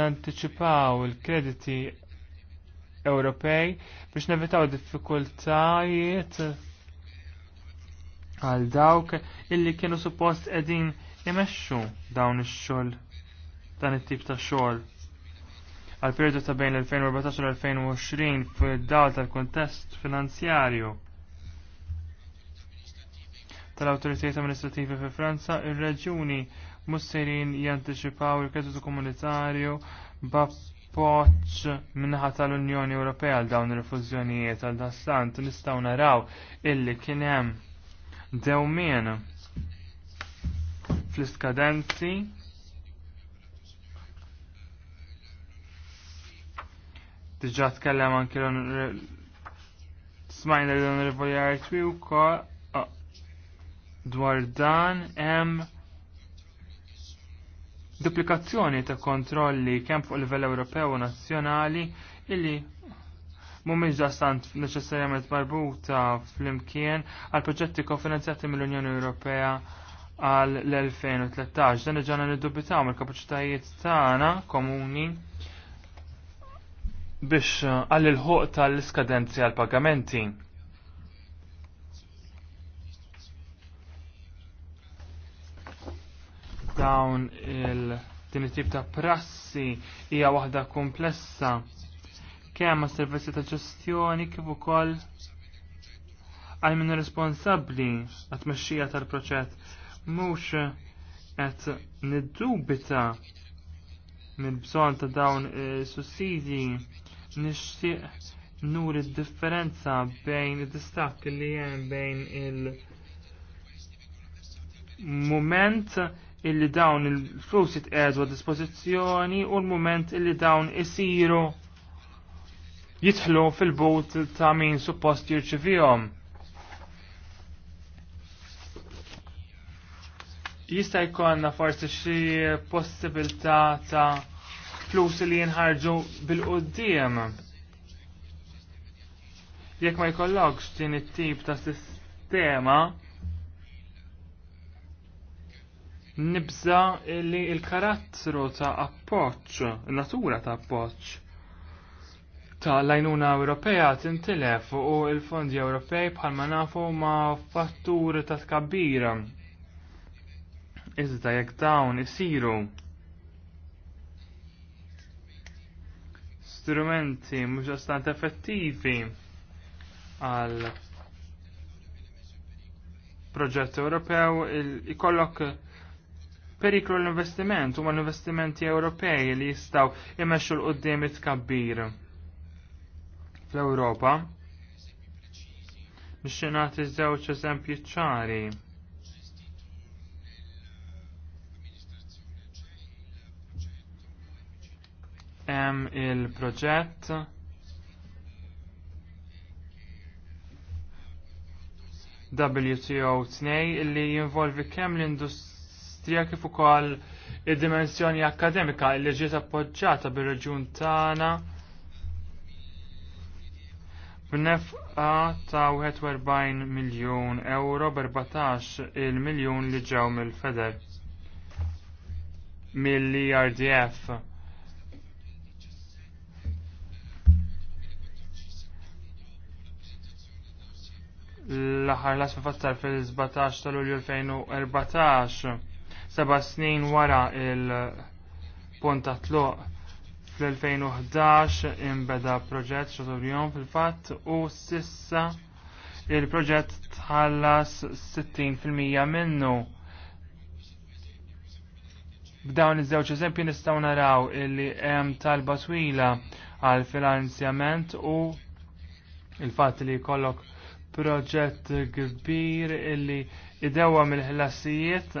nanticipaw il-krediti Ewropej biex nevitaw diffikultajiet għal dawk illi kienu suppost edin imexxu dawn ix-xogħol dan it-tip ta' xogħol. Għal periodu ta' bejn l-2014 u l-2020 fid-dawl tal-kontest finanzjarju tal-awtoritajiet amministrativi fi Franza, ir-reġuni mussirin jantiċipaw il-kreditu komunitarju b'app appoċ minnaħa tal-Unjoni Ewropea għal dawn il-refużjonijiet għal dastant nistgħu naraw illi kien hemm dewmien fl-iskadenzi Diġà tkellem anke smajna li l-Onorevoli Artwi wkoll dwar dan hemm duplikazzjoni ta' kontrolli kemm fuq livell Ewropew u nazzjonali illi mhumiex dastant neċessarjament marbuta fl-imkien għal proġetti kofinanzjati mill-Unjoni Ewropea għal l-2013. Dan ġana niddubitaw mill-kapaċitajiet tagħna komuni biex għall il-ħuq tal-iskadenzi għal pagamenti. dawn il din it-tip ta' prassi hija waħda komplessa kemm ma' servizzi ta' ġestjoni kif ukoll għal min responsabbli għat-mexxija tal-proċett mhux qed niddubita mill-bżonn ta' dawn is-sussidji nixtieq nur id-differenza bejn id-distak li hemm bejn il-moment illi dawn il-flus jitqedu dispożizzjoni u l-moment illi dawn isiru jitħlu fil-but ta' min suppost jirċivihom. Jista' jkollna forsi xi possibilità ta' flus li jinħarġu bil-qudiem. Jekk ma jkollokx din it-tip ta' sistema, nibza li il-karattru ta' appoċ, natura ta' appoċ ta' lajnuna Ewropea tintilef u il-fondi Ewropej bħalma nafu ma' fatturi ta' tkabbira. Iżda jekk dawn isiru strumenti mhux astant effettivi għal proġett Ewropew ikollok il periklu l-investiment u l-investimenti Ewropej li jistaw imexxu l-qoddim it-kabbir fl-Ewropa. Nixxi nagħti żewġ eżempji ċari. Hemm il-proġett WTO 2 li jinvolvi kemm l-industrija industrija kif ukoll id-dimensjoni akademika li ġiet appoġġjata bir-reġjun tagħna b'nefqa ta' 41 miljun euro b'14 il-miljun li ġew mill-Feder mill-IRDF. l-aħħar l-asfa fattar fil-17 tal-Ulju 2014 seba snin wara il ta' tluq fl-2011 imbeda proġett xoturjon fil-fatt u sissa il-proġett tħallas 60% minnu. B'dawn iż-żewġ eżempji nistgħu naraw illi hemm talba twila għal finanzjament u il-fatt li jkollok proġett kbir illi idewwa mill-ħlasijiet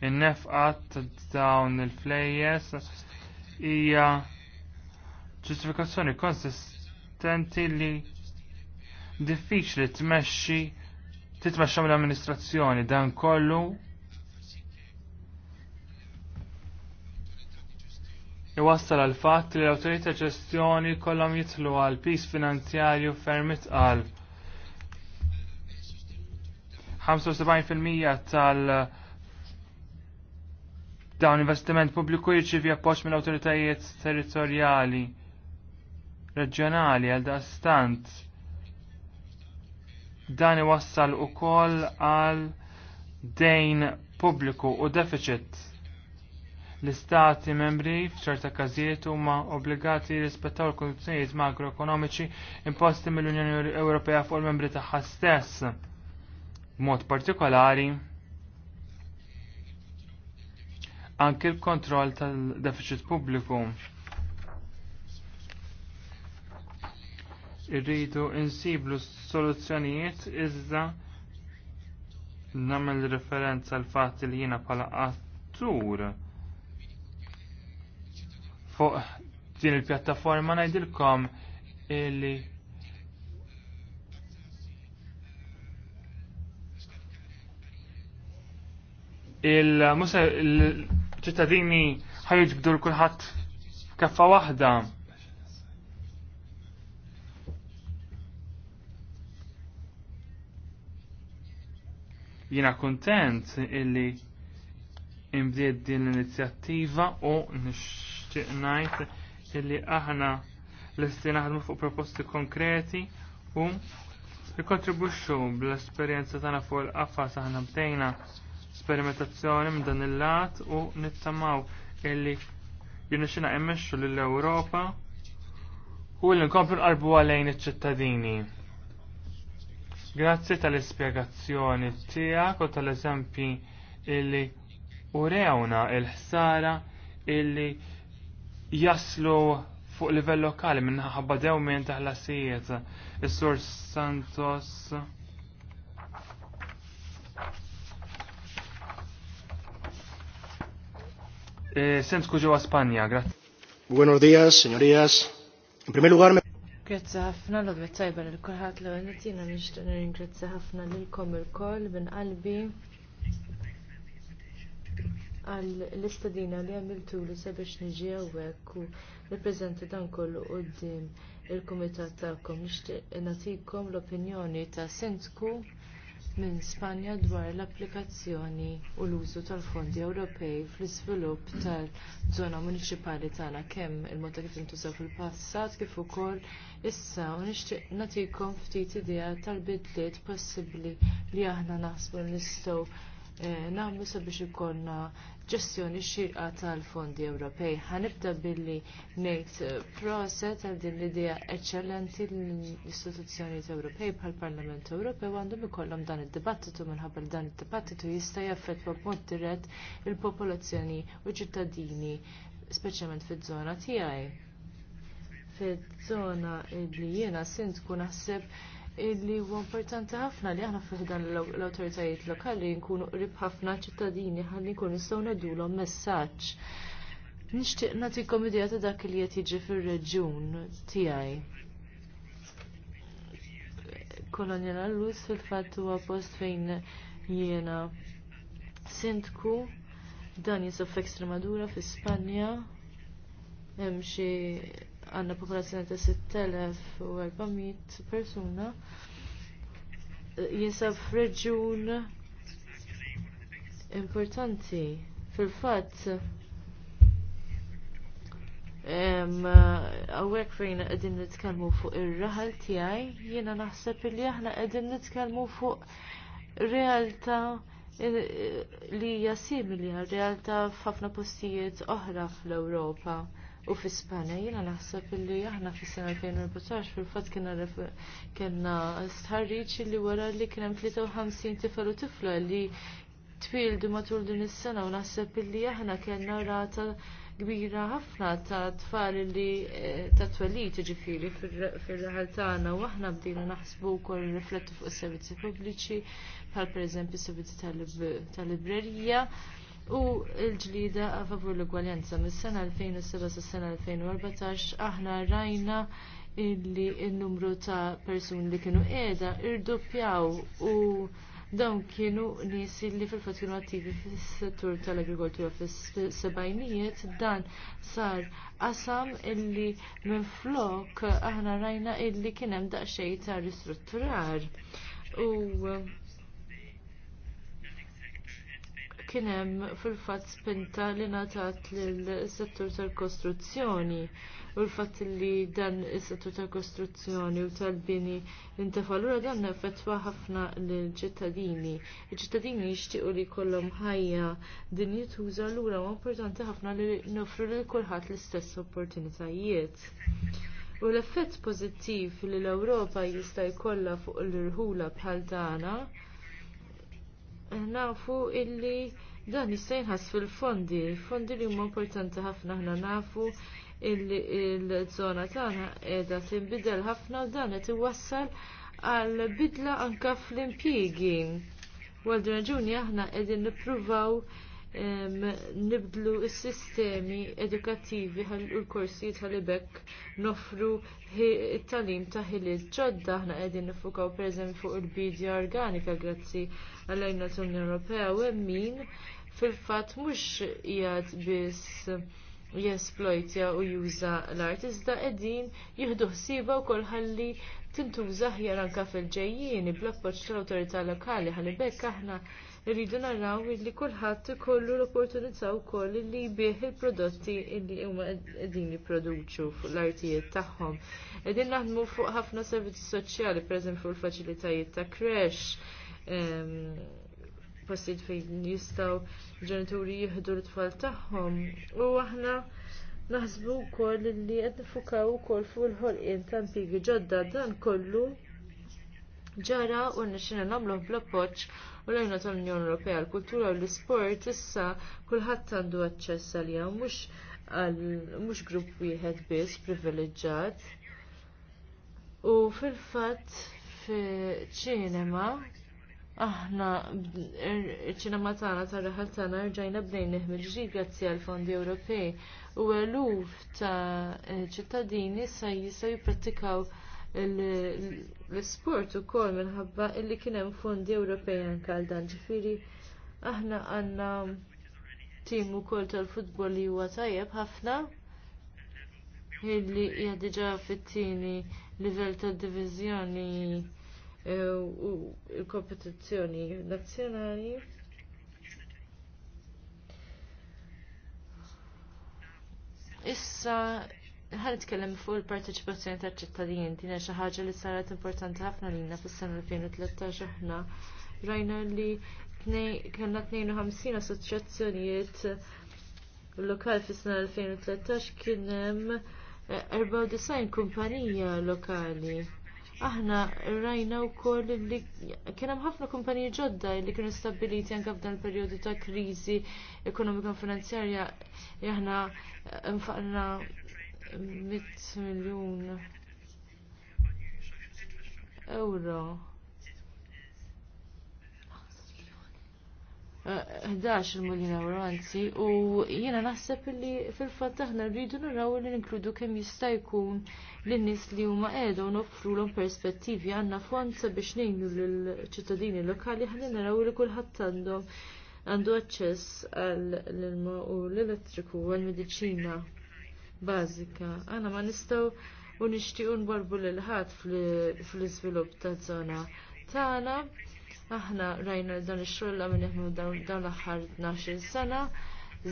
in-nefqat dawn il-flejjes hija ġustifikazzjoni konsistenti li diffiċli tmexxi titmexxa mill-amministrazzjoni dan kollu iwassal għal fatt li l-autorità ġestjoni kollhom jitlu għal pis finanzjarju fermit għal 75% tal- dawn investiment pubbliku jirċivi appoġġ mill awtoritajiet territorjali, reġjonali għal stant. Dan iwassal ukoll għal dejn pubbliku u deficit. L-istati membri f'ċerta każijiet huma obbligati jirrispettaw l-kondizzjonijiet makroekonomiċi imposti mill-Unjoni Ewropea fuq il-membri tagħha stess. B'mod partikolari, anke l-kontroll tal-deficit pubbliku. Irridu insiblu soluzzjonijiet iżda namel referenza l fatt li jiena bħala attur fuq din il-pjattaforma ngħidilkom illi il-musa il ċittadini ħajġbdu l-kulħadd kaffa waħda. Jina kontent illi imbdiet din l-inizjattiva u nixtieq ngħid illi aħna l istina ħadmu fuq proposti konkreti u jikontribuxxu bl-esperjenza tagħna fuq il qafas saħna bdejna sperimentazzjoni minn dan il-lat u nittamaw illi jirnexxina emmexxu lill-Ewropa u li nkomplu l-arbu għalajn iċ-ċittadini. Grazzi tal-ispjegazzjoni tiegħek u tal eżempi illi urewna il-ħsara illi jaslu fuq livell lokali minna ħabba dew minn taħlasijiet. Is-Sur Santos Eh, Semsku ġewwa Spanja, grazzi. Buenos días, señorías. En primer lugar me Grazie ħafna l tajba l-kulħat l għanetina nishtu ringrazzi ħafna l-kom il-koll minn qalbi għal l-istadina li għamiltu li sabiex nġi għawek u reprezenti dan kollu għoddim il-komitat ta'kom nishtu natikom l-opinjoni ta' Sintku minn Spanja dwar l-applikazzjoni u l-użu tal-fondi Ewropej fl-iżvilupp tal-żona municipali tagħna kemm il mota kif intużaw fil-passat kif ukoll issa u nixtieq nagħtikom ftit idea tal-bidliet possibbli li aħna naħsbu nistgħu eh, nagħmlu sabiex ikollna ġestjoni xirqa tal-fondi Ewropej. Ħanibda billi ngħid eh, proset għal din l-idea eċċellenti l-istituzzjonijiet Ewropej bħal Parlament Ewropew għandhom ikollhom dan id-dibattitu minħabba dan id-dibattitu jista' jaffettwa b'mod dirett il-popolazzjoni u ċittadini speċjalment fiż-żona tiegħi. Fiż-żona li jiena sint kun naħseb illi huwa importanti ħafna li aħna fiħdan l-awtoritajiet lokali nkunu qrib ħafna ċittadini ħalli nkunu nistgħu ngħidulhom messaġġ. Nixtieq nagħtikom idea ta' dak li qed jiġi fir-reġjun tiegħi. Kolonja Allus fil-fatt huwa post fejn jiena sindku dan jinsab f'Extremadura fi Spanja hemm xi għanna popolazzjoni ta' 6400 persuna jinsab f'reġjun importanti fil-fatt Għawek fejn għedin nitkalmu fuq ir-raħal tijaj, jena naħseb li aħna għedin nitkalmu fuq realta li hija simili għal realtà f'ħafna postijiet oħra fl-Ewropa u fi Spanja jiena naħseb illi aħna fis-sena 2014 fil-fatt kena kienna stħarriċ li wara li kien hemm 53 tifal u tifla li twildu matul din is-sena u naħseb illi aħna kellna rata kbira ħafna ta' tfal li eh, ta' twelid ġifiri fir-raħal tagħna u aħna bdejna naħsbu wkoll riflettu fuq is-servizzi pubbliċi bħal pereżempju s-servizzi tal-librerija. tal librerija u l-ġlida favur l ugwaljenza Mis-sena 2007 sa sena 2014 aħna rajna illi il-numru ta' persuni li kienu qiegħda irdoppjaw u dawn kienu nies li fil-fatt kienu attivi fis-settur tal-agrikoltura fis-sebajnijiet dan sar qasam illi minflok aħna rajna illi kien hemm daqsxejn ta' ristrutturar. U kien hemm fil-fatt spinta li ngħatat lis settur tal-kostruzzjoni u l-fatt li dan is-settur tal-kostruzzjoni u tal-bini intefalura dan effettwa ħafna lill-ċittadini. Il-ċittadini jixtiequ li jkollhom ħajja din jituża lura u importanti ħafna li nofru lil kulħadd l-istess opportunitajiet. U l-effett pożittiv li l-Ewropa jista' jkollha fuq l-irħula bħal tagħna nafu illi dan jista' jinħass fil-fondi, fondi li huma importanti ħafna aħna nafu il-żona tagħna qiegħda tinbidel ħafna u dan qed iwassal għal bidla anke fl-impjiegi. Għal raġuni aħna qegħdin nippruvaw nibdlu s-sistemi edukattivi u l-korsijiet ħalibek nofru t talim ta' ħiliet ġodda aħna qegħdin nifukaw pereżempju fuq il-bidja organika grazzi għall-għajna tal-Unjoni Ewropea u min fil-fatt mhux qiegħed biss jesplojtja u juża l-art iżda qegħdin jieħdu ħsiba wkoll ħalli tintuża ħjar anke fil-ġejjieni bl-appoġġ tal-awtorità lokali ħalli bekk aħna irridu naraw li kulħadd ikollu l-opportunità wkoll li jbieħ il-prodotti li huma qegħdin jipproduċu fuq l-artijiet tagħhom. Qegħdin naħdmu fuq ħafna servizzi soċjali, pereżempju fuq il-faċilitajiet ta' crash, ehm, postijiet fejn jistgħu ġenituri jieħdu l-tfal tagħhom u aħna naħsbu wkoll li qed nifukaw ukoll fuq il-ħolqien ta' impjiegi ġodda dan kollu ġara u nixina nagħmluh bl-appoġġ u lejna tal-Unjoni Ewropea l-kultura u l-isport issa kulħadd għandu aċċess għalija mhux mhux grupp wieħed biss privileġġjat. U fil-fatt f'ċinema aħna ċinema tagħna tar-raħal tagħna rġajna bdejn neħmi ġdid grazzi għall fondi Ewropej u eluf ta' ċittadini sa jistgħu jipprattikaw l-sport ukoll minħabba illi kien hemm fondi Ewropejan anke għal dan ġifieri aħna għandna tim ukoll tal-futbol li huwa tajjeb ħafna illi hija diġà fit-tieni livell tad divizjoni e, u l-kompetizzjoni nazzjonali. Issa ħan nitkellem fuq il-parteċipazzjoni tal-ċittadini din xi ħaġa li saret importanti ħafna lilna fis-sena 2013 aħna rajna li kellna 52 assoċjazzjonijiet lokali fis-sena 2013 kien hemm 94 eh, kumpanija lokali. Aħna rajna wkoll li kien hemm ħafna kumpaniji ġodda li kienu stabbiliti anke f'dan il-perjodu ta' kriżi ekonomika u finanzjarja aħna eh, nfaqna Mit miljun euro. 11 miljon euro anzi u jiena naħseb li fil-fatt aħna rridu naraw li ninkludu kemm jista' jkun lin-nies li huma qiegħda u l perspettivi għandna fonza biex ngħinu lill-ċittadini lokali ħalli naraw li kulħadd għandhom għandu aċċess għall ilma u l-elettriku u għall-mediċina. Bazika. Għana ma nistgħu u nixtiequ barbu lil ħadd fl-iżvilupp taż zona tagħna. Aħna rajna dan ix-xogħol minn aħna dawn l-aħħar 12 sena.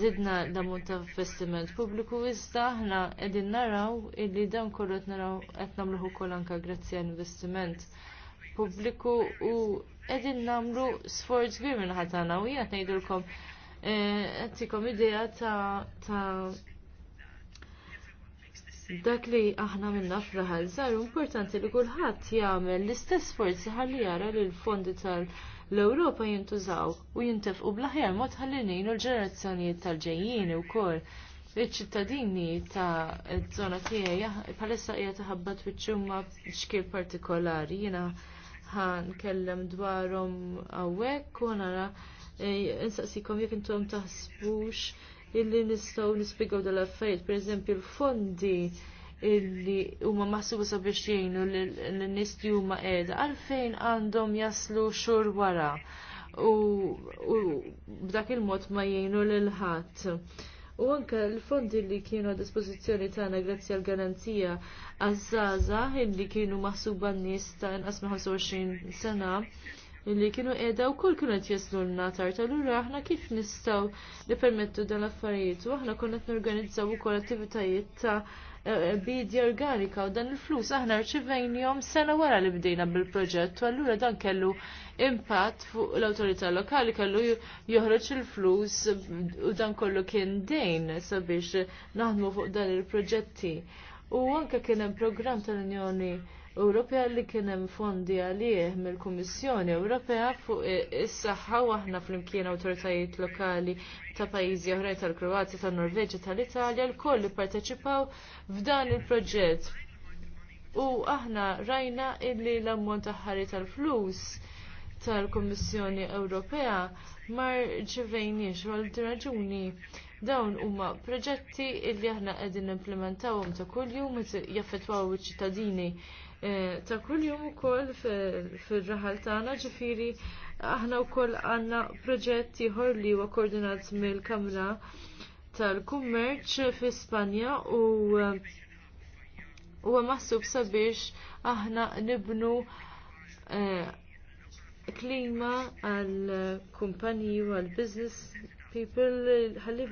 Zidna l ta' festiment pubbliku iżda aħna qegħdin naraw illi dan kollu qed naraw qed nagħmluh ukoll anke grazzi investiment pubbliku u qegħdin nagħmlu sforz kbir minn ħadd u jgħid ngħidulkom eh, għattikom idea ta' dak li aħna minna fraħal żar importanti li kulħadd jagħmel l-istess forzi ħalli jara li l-fondi tal-Ewropa jintużaw u jintefqu bl-aħjar mod ħalli u l-ġenerazzjonijiet tal-ġejjieni wkoll. Iċ-ċittadini ta' żona tiegħi bħalissa qiegħed taħabbat twiċċumma xkil partikolari jiena ħan kellem dwarhom għawek, u nara eh, insaqsikom jekk intom taħsbux illi nistgħu nispjegaw dal-affarijiet, pereżempju l-fondi illi huma maħsuba sabiex jgħinu l-nies li huma qiegħda għalfejn għandhom jaslu xhur wara u b'dak il-mod ma jgħinu lil ħadd. U anke l-fondi li kienu għad dispożizzjoni tagħna grazzi għall garanzija għaż-żgħażagħ illi kienu maħsuba nies ta' inqas minn 25 sena illi kienu edha u kol kienu jtjeslu l-natar tal-ura aħna kif nistaw li permettu dan l-affarijiet u aħna konna t-organizzaw u kol attivitajiet ta' e, e, bidja organika u dan il-flus aħna jom sena wara li bdejna bil-proġett u allura dan kellu impatt fuq l-autorità lokali kellu joħroġ il-flus u dan kollu kien dejn sabiex naħdmu fuq dan il-proġetti. U anke kien hemm programm tal-Unjoni Ewropea li kien hemm fondi għalih mill-Kummissjoni Ewropea fuq is-saħħa waħna flimkien awtoritajiet lokali ta' pajjiżi oħrajn tal-Kroazja, tan-Norveġja, tal-Italja l-koll ipparteċipaw f'dan il-proġett. U aħna rajna illi l-ammont aħħari tal-flus tal-Kummissjoni Ewropea mar ġivejniex u għal raġuni dawn huma proġetti illi aħna qegħdin implementawhom ta' kuljum jaffettwaw iċ-ċittadini Eh, ta' kuljum ukoll fir-raħal tagħna ġifieri aħna wkoll għandna proġett ieħor li huwa koordinat mill-Kamra tal-Kummerċ fi Spanja u eh, huwa maħsub sabiex aħna nibnu eh, klima għal kumpaniji u għal business people ħalli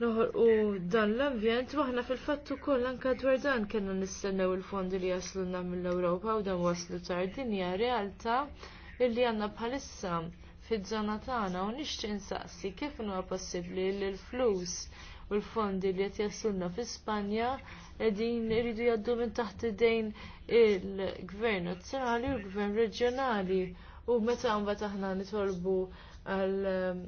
noħor u dan l-ambjent, waħna fil-fattu koll anka dwar dan kena nistennew il-fondi li jaslunna mill-Ewropa u dan waslu tar-dinja realta realtà illi għandna bħalissa fiż-żona tagħna u nixtieq insaqsi kif huwa possibbli li l-flus u l-fondi li qed jaslunna fi Spanja qegħdin iridu jgħaddu minn taħt idejn il-gvern nazzjonali u l-gvern reġjonali u meta mbagħad aħna nitolbu għal ehm,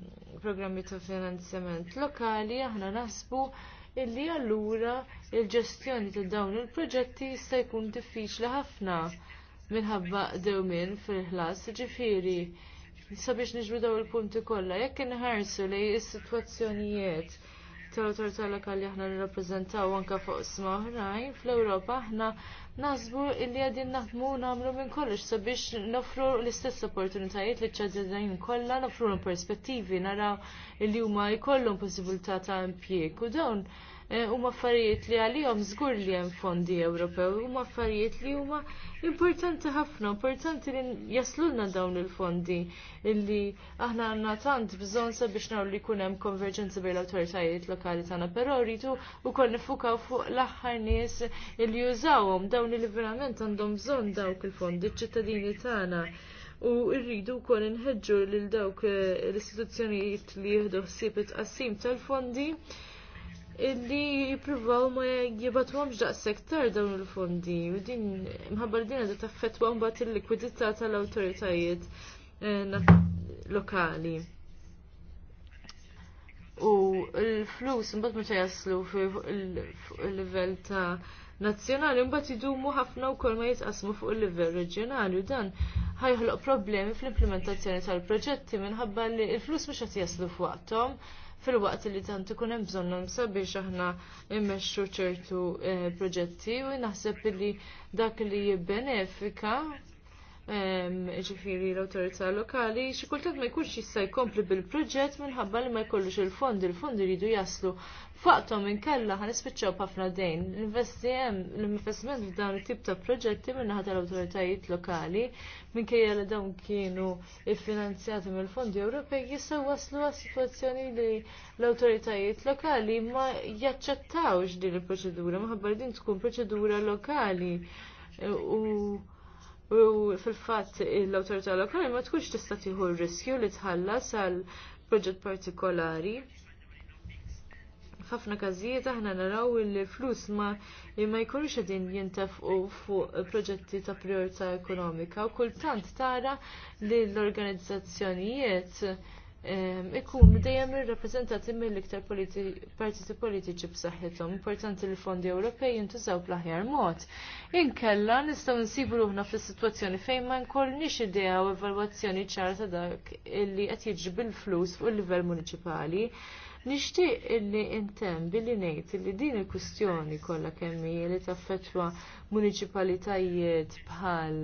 programmi ta' finanzjament lokali aħna naħsbu illi allura il-ġestjoni ta' dawn il-proġetti jista' jkun diffiċli ħafna minħabba dewmien fil-ħlas ġifiri. Sabiex niġbu daw il-punti kollha, jekk inħarsu li s-sitwazzjonijiet tal-autorità lokali aħna nirrappreżentaw anke fuq sma oħrajn, fl-Ewropa aħna Nazbu illi għadin naħdmu namlu minn kollox sabiex nofru l-istess opportunitajiet li ċadżedajn kollha, nofru l-perspettivi, naraw illi huma jkollhom possibilità ta' impjieg u dawn Eh, huma affarijiet li għalihom żgur li hemm fondi Ewropew, huma affarijiet li huma importanti ħafna, importanti li jaslulna dawn il-fondi illi aħna għanna tant bżonn sabiex naw li jkun hemm konverġenza bejn l-awtoritajiet lokali tagħna, però u wkoll nifukaw fuq l-aħħar nies illi jużawhom dawn il verament għandhom bżonn dawk il-fondi ċittadini tagħna u rridu wkoll nħedġu lil dawk eh, l-istituzzjonijiet li jieħdu ħsieb it-qassim tal-fondi illi jippruvaw ma jibatumomx daqshekk tar dawn il-fondi u din mħabbar din għadha taffettwa mbagħad il-likwidità tal-awtoritajiet eh, lokali. U l-flus mbagħad meta jaslu fuq il-livell ta' nazzjonali mbagħad idumu ħafna wkoll ma jitqasmu fuq il-livell reġjonali u dan ħajħloq problemi fl-implementazzjoni tal-proġetti minħabba li l-flus mhux qed jaslu fuqhom fil-waqt li tant ikun hemm bżonnhom biex aħna immexxu ċertu eh, proġetti u naħseb li dak li jibbenefika ġifiri l-autorità lokali, xi kultant ma jkunx jista' jkompli bil-proġett minħabba li ma jkollux il-fondi, il-fondi jridu jaslu faqtom inkella ħan ispiċċaw ħafna dejn. L-investiment f'dawn it-tip ta' proġetti minn ħata tal-awtoritajiet lokali minkejja li dawn kienu iffinanzjati mill-fondi Ewropej jistgħu waslu għas sitwazzjoni li l-awtoritajiet lokali ma jaċċettawx din il-proċedura, maħabba din tkun proċedura lokali. U U fil-fatt l-autorità lokali ma tkunx tista' tieħu r-riskju li tħallas għal proġett partikolari. F'ħafna każijiet aħna naraw li flus ma ma jkunux qegħdin jintefqu fuq proġetti ta' priorità ekonomika u kultant tara li l-organizzazzjonijiet ikunu dejjem irrappreżentati mill-iktar partiti politiċi b'saħħithom. Importanti li fondi Ewropej jintużaw bl-aħjar mod. Inkella nistgħu nsibu ruħna fis-sitwazzjoni fejn ma nkollniex idea u evalwazzjoni ċara ta' dak illi qed jiġi bil-flus fuq il-livell municipali. Nixtieq illi intem billi ngħid li din il-kwistjoni kollha kemm li taffettwa muniċipalitajiet bħal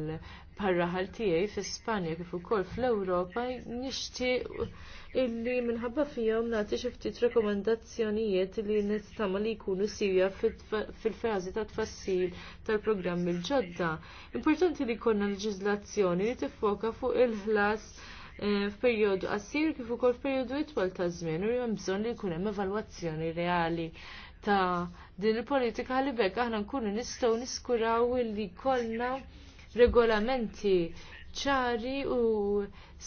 parraħal tiegħi fi Spanja kif ukoll fl-Ewropa nixtieq illi minħabba fihom nagħti xi ftit rekomendazzjonijiet li nistama li jkunu sirja fil-frażi ta' tfassil tal-programm il-ġodda. Importanti li jkollna leġiżlazzjoni li tiffoka fuq il-ħlas eh, f'perjodu qasir kif ukoll f'perjodu itwal ta' żmien u hemm bżonn li jkun hemm evalwazzjoni reali ta' din il-politika li bekk aħna nkunu nistgħu niskuraw li kollna regolamenti ċari u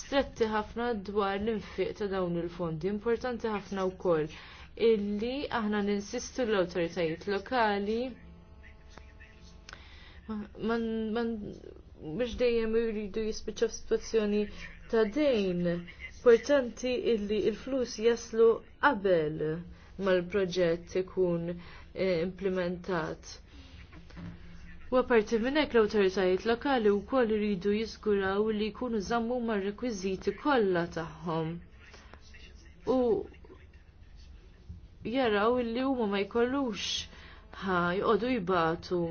stretti ħafna dwar l-infiq ta' dawn il-fondi. Importanti ħafna wkoll illi aħna ninsistu l awtoritajiet lokali man biex dejjem jridu jispiċċaw situazzjoni ta' dejn. Importanti illi l il flus jaslu qabel mal-proġett ikun eh, implementat U apparti minn hekk l-awtoritajiet lokali wkoll iridu jiżguraw li jkunu żammu mar-rekwiżiti kollha tagħhom. U jaraw li huma ma jkollux ħa jqogħdu jibatu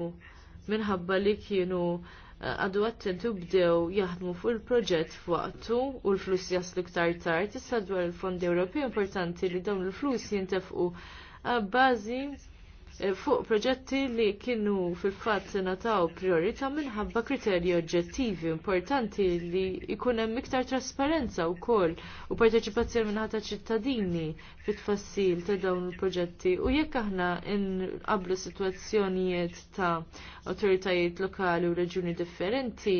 minħabba li kienu eh, għadu attenti u bdew jaħdmu fuq il-proġett f'waqtu u l-flus jaslu ktar tard issa dwar il-fondi Ewropej importanti li dawn il-flus jintefqu bażi Eh, fuq proġetti li kienu fil-fatt nataw priorità minħabba kriterji oġġettivi importanti li jkun hemm iktar trasparenza wkoll u parteċipazzjoni minħata ċittadini fit-tfassil ta' dawn il-proġetti u jekk aħna inqablu sitwazzjonijiet ta' awtoritajiet lokali u reġuni differenti,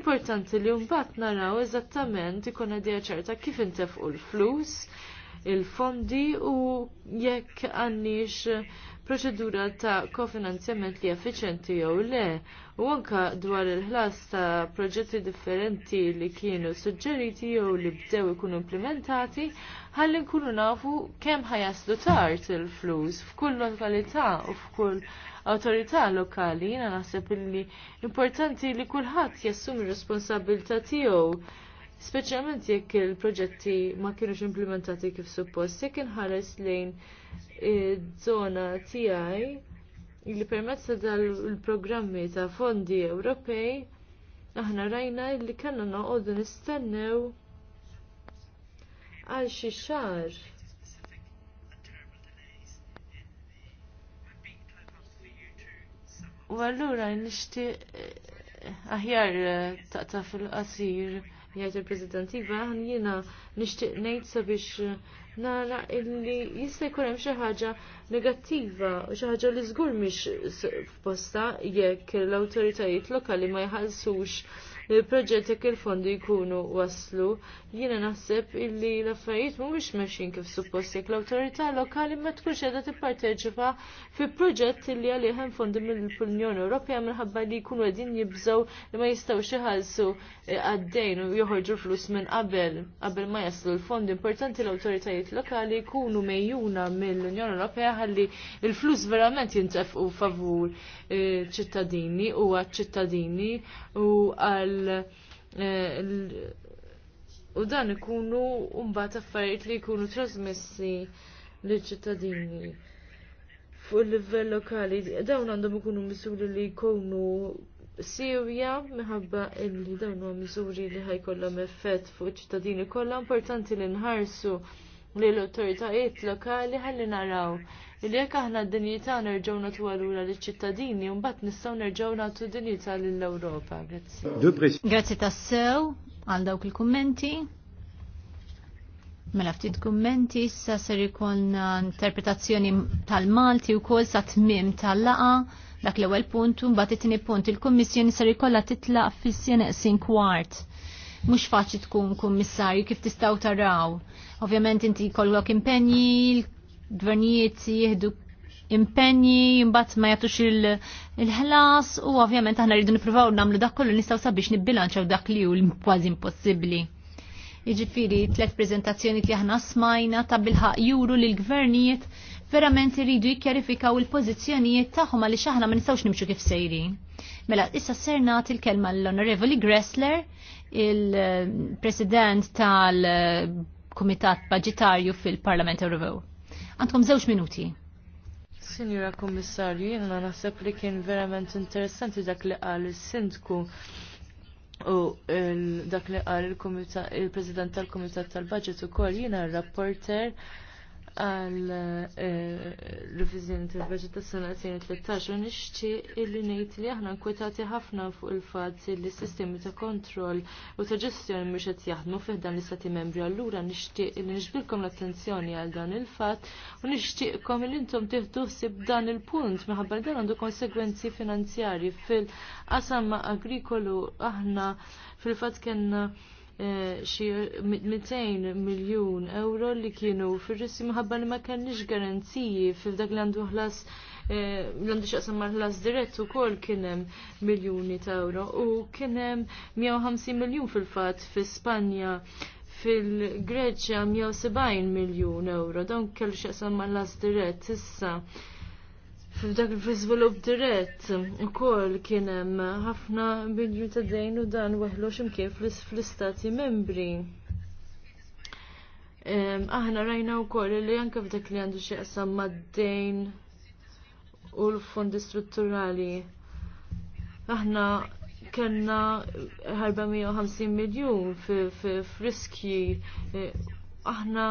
importanti li mbagħad naraw eżattament ikun għadija ċerta kif intefqu l-flus il-fondi u jekk għannix proċedura ta' kofinanzjament li effiċenti jew le, u anka dwar il-ħlas ta' proġetti differenti li kienu suġġeriti jew li bdew ikunu implementati, ħalli nkunu nafu kemm ħajaslu tard il-flus f'kull lokalità u f'kull awtorità lokali, jiena naħseb li importanti li kulħadd jassumi r-responsabilità tiegħu speċjalment jekk il-proġetti ma kienux implementati kif suppost, jekk inħares lejn iż-żona tiegħi li permezz tal-programmi ta' fondi Ewropej aħna rajna li kellna noqogħdu nistennew għal xi xahar. U allura nixtieq eh, aħjar taqta' fil-qasir jgħid il-President Iva jiena nixtieq ngħid sabiex eh, nara illi jista' jkun hemm xi ħaġa negattiva u xi ħaġa li żgur mhix f'posta jekk l-awtoritajiet lokali ma jħallsux il-proġett jekk il-fondi jkunu waslu. Jiena naħseb illi l-affarijiet mhumiex mexjin kif suppost jekk l-awtorità lokali ma tkunx qiegħda tipparteċipa fi proġett illi għalih hemm fondi mill-Unjoni Ewropea minħabba li jkunu qegħdin jibżgħu li ma jistgħux iħallsu eh, għaddejn u joħorġu flus minn qabel qabel ma jaslu l-fondi importanti l-awtoritajiet lokali jkunu mejjuna mill-Unjoni Ewropea ħalli il-flus verament jintefqu favur eh, ċittadini u għad ċittadini u għal il- u dan ikunu mbagħad affarijiet li jkunu trasmessi lill-ċittadini fuq il-livell lokali. Dawn għandhom ikunu misuri li jkunu Sirja minħabba illi dawn huwa miżuri li ħajkollhom effett fuq iċ-ċittadini kollha importanti li nħarsu lill l-awtoritajiet lokali ħalli naraw Illi jekk aħna d-dinjità nerġgħu nagħtu lura liċ-ċittadini u mbagħad nistgħu nerġgħu nagħtu dinjità lill-Ewropa. Grazzi. Grazzi tassew għal dawk il-kummenti. Mela ftit kummenti issa ser ikolna uh, interpretazzjoni tal-Malti wkoll sa tmiem tal-laqa dak l-ewwel punt u mbagħad it-tieni punt il-kummissjoni ser ikollha titlaq fis sin kwart. Mhux faċli tkun kummissarju kif tistgħu taraw. Ovvjament inti jkollok impenji, gvernijiet jihdu impenji, imbat ma jatux il-ħlas u ovvjament aħna rridu nipruvaw namlu dak kollu nistaw sabiex nibbilanċaw dak li hu kważi impossibbli. Jiġifieri tliet prezentazzjoni li aħna smajna ta' bilħaq juru li l-gvernijiet verament iridu jikkjarifikaw il-pożizzjonijiet tagħhom għaliex aħna ma nistgħux nimxu kif sejrin. Mela, issa ser nagħti l-kelma l-Onorevoli Gressler, il-President tal-Kumitat Budgetarju fil-Parlament Ewropew. Għandkom żewġ minuti. Sinjura Kommissarju, jiena naħseb li kien verament interessanti dak li qal is-sindku u dak li qal il-President tal-Kumitat tal-Baġġet ukoll jiena r-rapporter għal eh, revizjoni tal-budget tas sena 2013 u nixti illi ngħid li aħna nkwetati ħafna fuq il-fatt li s-sistemi ta' kontroll u ta' ġestjoni mhux qed jaħdmu fih dan l-istati membri allura nixtieq li nixbilkom l-attenzjoni għal dan il-fatt u nixtieqkom li intom tieħdu ħsieb dan il-punt minħabba dan għandu konsegwenzi finanzjarji fil-qasam agrikolu aħna fil-fatt kellna Eh, xi 200 miljun euro li kienu fil rissi minħabba li ma kellniex garanziji fil-dak li għandu ħlas eh, l-għandu xaqsam ħlas dirett u kol kienem miljoni ta' euro u kienem 150 miljon fil-fat fi Spanja fil-Greċja 170 miljon euro, dawn kellu xaqsam mal-ħlas dirett issa f'dak il-fizvilup dirett ukoll kien hemm ħafna bidju ta' dejn u dan weħlu x'imkien fl-istati membri. Aħna rajna wkoll li anke f'dak li għandu xi qasam mad-dejn u l-fondi strutturali. Aħna kellna 450 miljun f'riskji e, aħna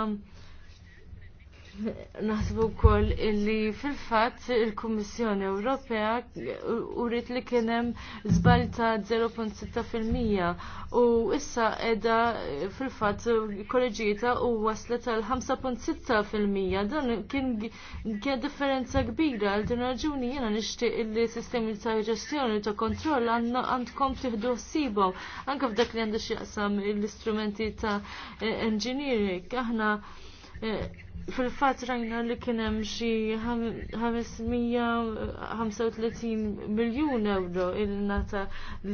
Naħsbu wkoll illi fil-fatt il-Kummissjoni Ewropea urid li kien hemm żball ta' 0.6% u issa qiegħda fil-fatt kolleġieta u waslet għal 5.6% dan kien kien differenza kbira għal din raġuni jiena nixtieq illi sistemi ta' ġestjoni ta' kontroll għandkom s-sibo anke f'dak li għandu jaqsam l-istrumenti ta' engineering aħna eh, fil-fat rajna li kienem xi 535 miljon euro il-nata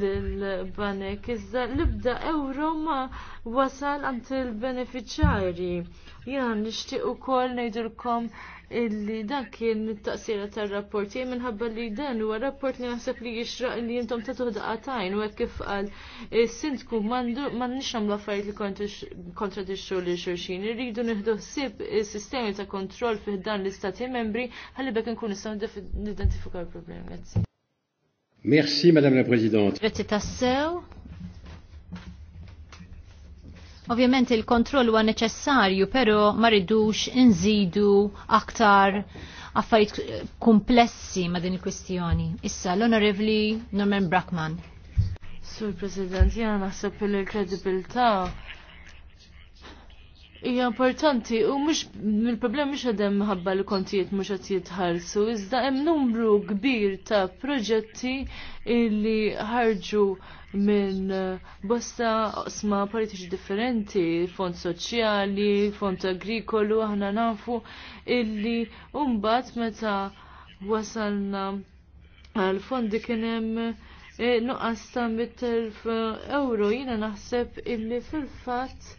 l-banek. Iżda l-ibda euro ma wasal għant il-beneficjari. Jena nishtiq u kol nejdilkom illi dan kien mit-taqsira tar-rapport jien minħabba li dan huwa rapport li naħseb li jixraq li intom ta' tuħdaqatajn u hekk kif qal is-sindku m'għandniex nagħmlu affarijiet li kontradixxu li xulxin. Irridu nieħdu ħsieb is-sistemi ta' kontroll fih dan l-istati membri ħalli bekk nkun nistgħu nidentifikaw il-problemi. Merci Madame la Présidente. Grazie tassew. Ovvjament il-kontroll huwa neċessarju, però ma ridux inżidu aktar affarijiet komplessi ma' din il-kwistjoni. Issa l-Onorevli Norman Brackman. Sur President, jena naħseb il-kredibilta hija importanti u mhux il problem mhux għadem ħabba li kontijiet mhux qed jitħallsu, iżda hemm numru kbir ta' proġetti li ħarġu minn eh, bosta osma politiċi differenti, fond soċjali, fond agrikolu, aħna nafu illi umbat meta wasalna għal-fondi kienem eh, nuqqas ta' mit eh, euro jina naħseb illi fil-fat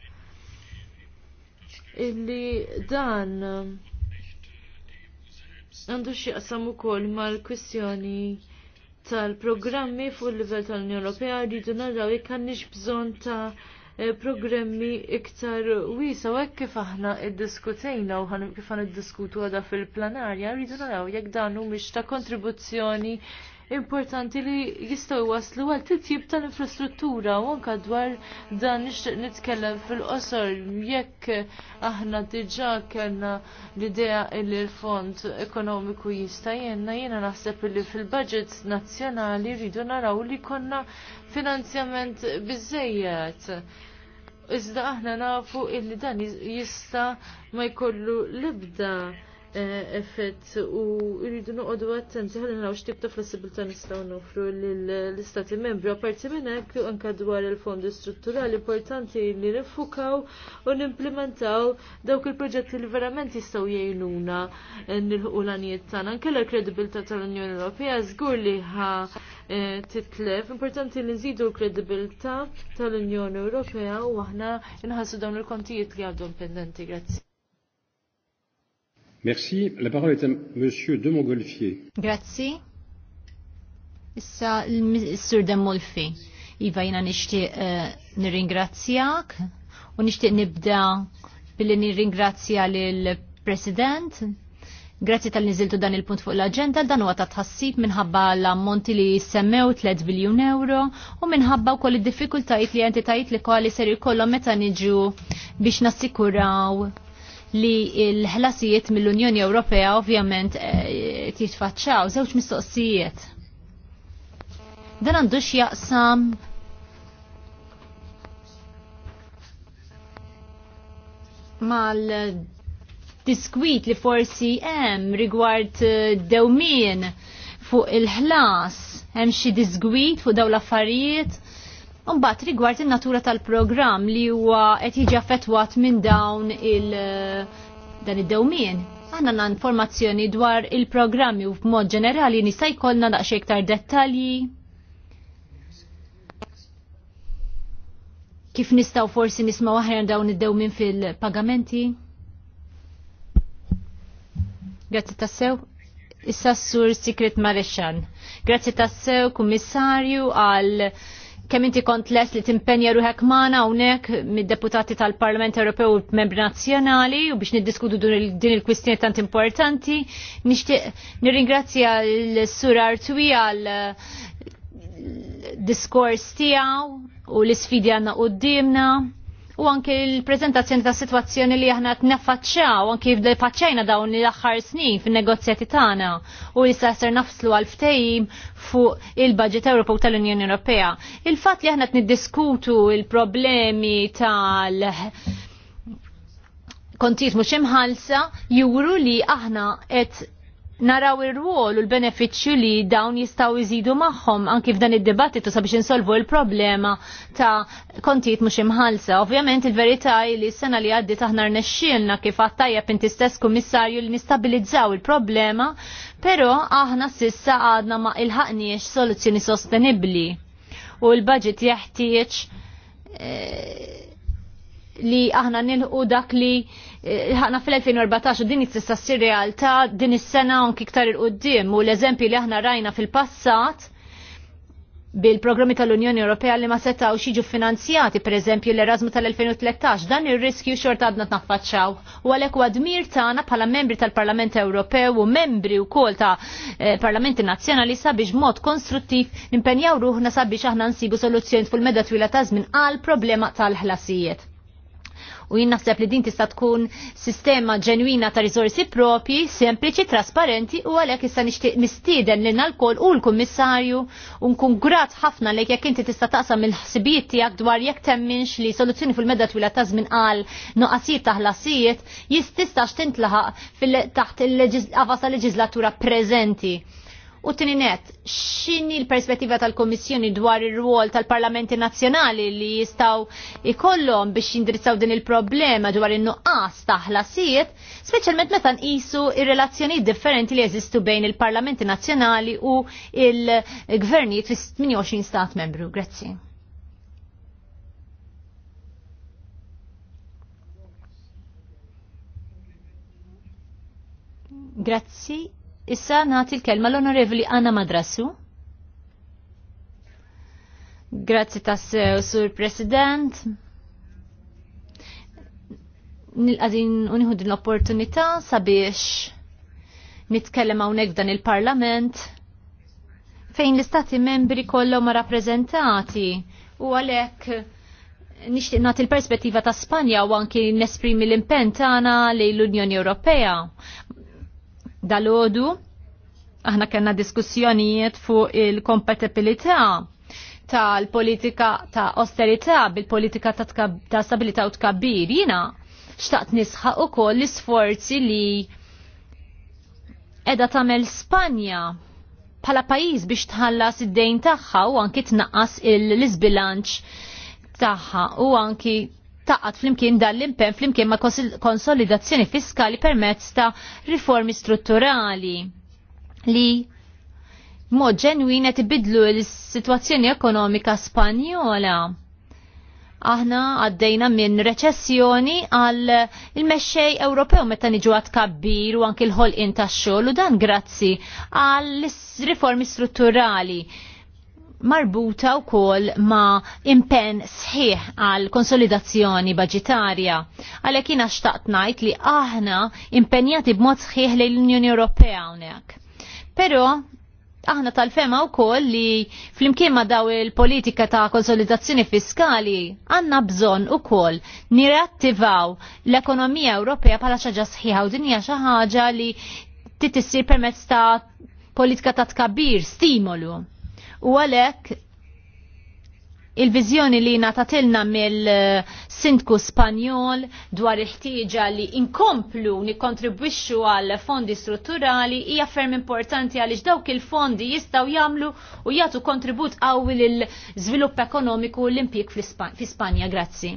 illi dan għandu xieqsam ukoll mal kwissjoni tal-programmi fuq il-livell tal-Unjoni Ewropea rridu naraw jekk għandniex bżonn ta' eh, programmi iktar wiesa u hekk kif aħna iddiskutejna u kif għan iddiskutu għadha fil-planarja rridu naraw jekk dan mhumiex ta' kontribuzzjoni importanti li jistgħu waslu għal titjib tal-infrastruttura u anke dwar dan nixtieq nitkellem fil-qosor jekk aħna diġà kellna l-idea li l-fond ekonomiku jista' jenna jiena naħseb li fil-budget nazzjonali rridu naraw li konna finanzjament biżejjed. Iżda aħna nafu illi dan jista' ma jkollu libda. Eh, effett u rridu noqogħdu attenti ħalli naraw x'tip ta' flessibilità nistgħu nofru lill-istati membri. Apparti minn hekk anke dwar il-fondi strutturali importanti li nifukaw u nimplementaw dawk il-proġetti li verament jistgħu jgħinuna nilħu l-għanijiet tagħna. Anke l-kredibilità tal-Unjoni Ewropea żgur li ħa eh, titlef. Importanti li nżidu l-kredibilità tal-Unjoni Ewropea u aħna nħassu dawn il-kontijiet li għadhom pendenti. Grazzi. Merci. La parole est à Monsieur de Montgolfier. Grazie. Issa l-Sur de Molfi. Iva jina nishti uh, eh, nirringrazzjak u nishti nibda billi nirringrazzja l-President. Grazzi tal-niziltu dan il-punt fuq l-agenda, dan huwa ta' tħassib minħabba l-ammonti li semmew 3 biljun euro u minħabba wkoll id-diffikultajiet li entitajiet li kwali ser jkollhom meta niġu biex nassikuraw li l-ħlasijiet mill-Unjoni Ewropea ovvjament eh, jitfaċċaw żewġ mistoqsijiet. Dan għandux jaqsam mal diskwit li forsi hemm rigward eh, dewmien fuq il-ħlas hemm xi diskwit fuq dawn l-affarijiet Mbagħad rigward in-natura tal-programm li huwa qed jiġi affettwat minn dawn il eh, dan id-dewmien. Għanna informazzjoni dwar il-programmi u b'mod ġenerali nista' jkollna daqsxejn iktar dettalji. Kif nistaw forsi nisma' aħjar dawn id dewmien fil-pagamenti? Grazzi tassew. Issa s-sur Sikret Marexxan. Grazzi tassew, kummissarju, għal kemm inti kont les li timpenja ruħek maħna hawnhekk mid-deputati tal-Parlament Ewropew u membri nazzjonali u biex niddiskutu din il-kwistjoni tant importanti. Nixtieq nirringrazzja l-Sur Artwi għal eh, diskors tiegħu u l-isfidi għandna qudiemna u anke l-prezentazzjoni ta' situazzjoni li aħna t-naffaċċaw, anke f'depaċċajna dawn l-axħar snin fin-negozjati tagħna u li ser nafslu għal ftejim fuq il-budget Ewropew tal-Unjoni Ewropea. Il-fatt li aħna t-niddiskutu il-problemi tal- kontijiet mhux imħalsa juru li aħna qed naraw ir-rwol u l-benefiċċju li dawn jistgħu jżidu magħhom anki f'dan id-dibattitu sabiex insolvu l-problema ta' kontijiet mhux imħalsa. Ovvjament il-verità li s-sena li għaddi taħna rnexxielna kif għattajja inti stess kummissarju li nistabilizzaw il-problema, però aħna sissa għadna ma ilħaqniex soluzzjoni sostenibbli u l-budget jeħtieġ eh, li aħna nilħu dak li eh, ħana fil-2014 din tista' ssir realtà din is-sena anki iktar il qoddim u l eżempju li aħna rajna fil-passat bil-programmi tal-Unjoni Ewropea li ma setaw xiġu finanzjati, per eżempju l-Erasmus tal-2013, dan ir-riskju xorta għadna t-naffaċċaw. U għalek u għadmir tana bħala membri tal-Parlament Ewropew u membri u kol ta' eh, Parlamenti Nazjonali sabiex mod konstruttiv nimpenjaw ruħna sabiex aħna nsibu soluzzjoni fil-medda twila ta' żmien għal problema tal-ħlasijiet. U jien naħseb li din tista' tkun sistema ġenwina ta' riżorsi propji, sempliċi, trasparenti u għalhekk issa nixtieq nistieden lil alkoll u l-kummissarju u nkun grat ħafna lejk jekk inti tista' taqsam il-ħsibijiet tiegħek dwar jekk temminx li soluzzjoni fil-medda twila ta' żmien qal noqasijiet ta' ħlasijiet jististax tintlaħaq taħt il-qafas leġislatura preżenti U tini net, xini l-perspettiva tal-Komissjoni dwar ir ruol tal-Parlamenti Nazzjonali li jistaw ikollhom biex jindrizzaw din il-problema dwar in-nuqqas taħla sijiet, speċjalment meta nqisu il relazzjoni differenti li jeżistu bejn il-Parlamenti Nazzjonali u il-gvernijiet fi 28 stat membru. Grazzi. Grazzi Issa nagħti l-kelma l-Onorevoli Anna Madrasu. Grazzi tassew, Sur President. Nil-għadin uniħud l-opportunità sabiex nitkellem hawnhekk dan il-Parlament fejn l-istati membri kollhom rappresentati, u għalhekk nixtieq nagħti l-perspettiva ta' Spanja u anki nesprimi l-impenn tagħna lejn l-Unjoni Ewropea. Dalodu aħna kellna diskussjonijiet fuq il-kompatibilità tal-politika ta' austerità bil-politika ta' stabilità u tkabbir. Jina xtaqt nisħaq ukoll l-isforzi li edha tamel Spanja bħala pajis biex tħallas id-dejn tagħha u anki tnaqqas il lisbilanċ tagħha u anki taqat flimkien dan l-impen flimkien ma' konsolidazzjoni fiskali permezz ta' riformi strutturali li mod ġenwin qed ibidlu l-sitwazzjoni ekonomika Spanjola. Aħna għaddejna minn reċessjoni għal il-mexxej Ewropew meta niġu għad kabbir u anki l-ħolqin tax-xogħol u dan grazzi għal riformi strutturali marbuta u kol ma impen sħiħ għal konsolidazzjoni budgetarja. Għalek jina xtaqt najt li aħna impenjati b'mod sħiħ li l-Unjoni Ewropea unek. Pero, aħna tal-fema u kol li flimkien ma daw il-politika ta' konsolidazzjoni fiskali għanna bżon u kol nirattivaw l-ekonomija Ewropea pala xaġa sħiħa u dinja xaħġa li titissir permezz ta' politika ta' tkabbir, stimolu U għalek il-vizjoni li natatilna mill-sindku Spanjol dwar il-ħtieġa li inkomplu nikontribwixxu għal fondi strutturali hija ferm importanti għaliex dawk il-fondi jistgħu jagħmlu u jagħtu kontribut qawwi lill żvilupp ekonomiku l impjieg fi Spanja. Grazzi.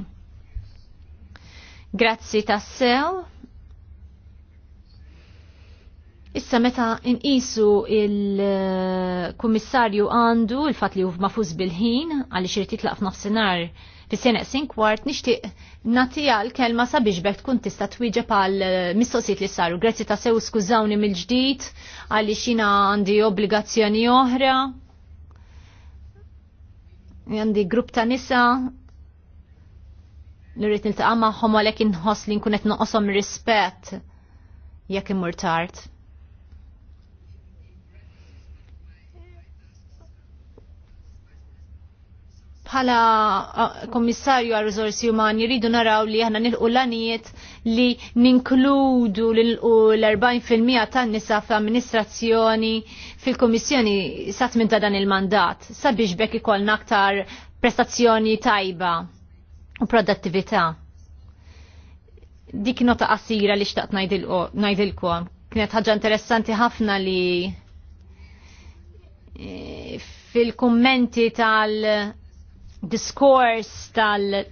Grazzi tassew. Issa meta inqisu il-kummissarju għandu il-fat li huf mafuż bil-ħin għaliex irid jitlaq f'nofsinhar fis-sena sin kwart nixtieq nagħtiha l-kelma sabiex bek tkun tista' twieġeb għal mistoqsijiet li saru. Grazzi ta' sew skużawni mill-ġdid għaliex jiena għandi obbligazzjoni oħra. Għandi grupp ta' nisa nirrit niltaqa' magħhom għalhekk inħoss li nkun qed noqoshom rispett jekk immur tard. bħala uh, kommissarju għal rizorsi umani rridu naraw li aħna nilqu l-għanijiet li ninkludu l-40% tan nisa fl-amministrazzjoni fil komissjoni sat minn ta' dan il-mandat sabiex bekk ikollna aktar prestazzjoni tajba u produttività. Dik nota qasira li xtaqt najdilkom. Kienet ħaġa interessanti ħafna li eh, fil-kommenti tal diskors tal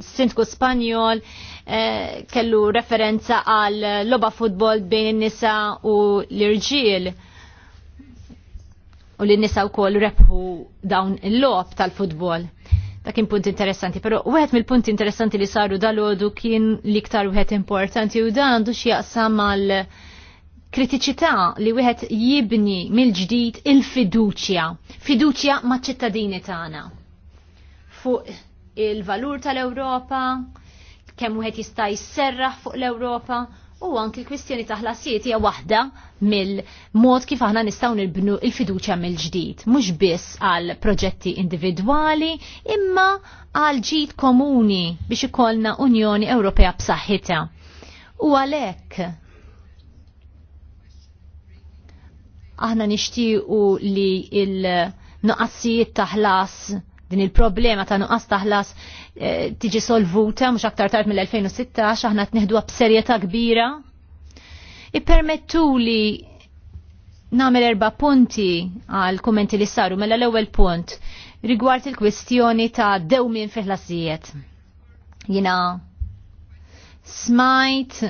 sintku Spanjol eh, kellu referenza għal loba futbol bejn nisa u l-irġiel. U l-nisa u kol rebħu dawn il-lob tal-futbol. Ta' kien punt interessanti, pero u għet mill-punt interessanti li saru dal-ħodu kien ktar u għet importanti u dan għandu xieqsam għal kritiċità li wieħed jibni mill-ġdid il-fiduċja, fiduċja maċ-ċittadini tagħna fuq il-valur tal-Ewropa, kemm wieħed jista' jisserraħ fuq l-Ewropa, u anki l-kwistjoni ta' ħlasijiet hija waħda mill-mod kif aħna nistgħu nibnu il-fiduċja mill-ġdid, mhux biss għal proġetti individwali, imma għal ġid komuni biex ikollna Unjoni Ewropea b'saħħitha. U għalhekk aħna nixtiequ li il-nuqqassijiet ta' ħlas din il-problema ta' nuqqas taħlas eh, tiġi solvuta mhux aktar tard mill-2016 aħna tnieħduha b'serjetà kbira. Ippermettuli li nagħmel erba' punti għal kummenti li saru mela l-ewwel punt rigward il-kwistjoni ta' dewmien fil-ħlasijiet. Jina smajt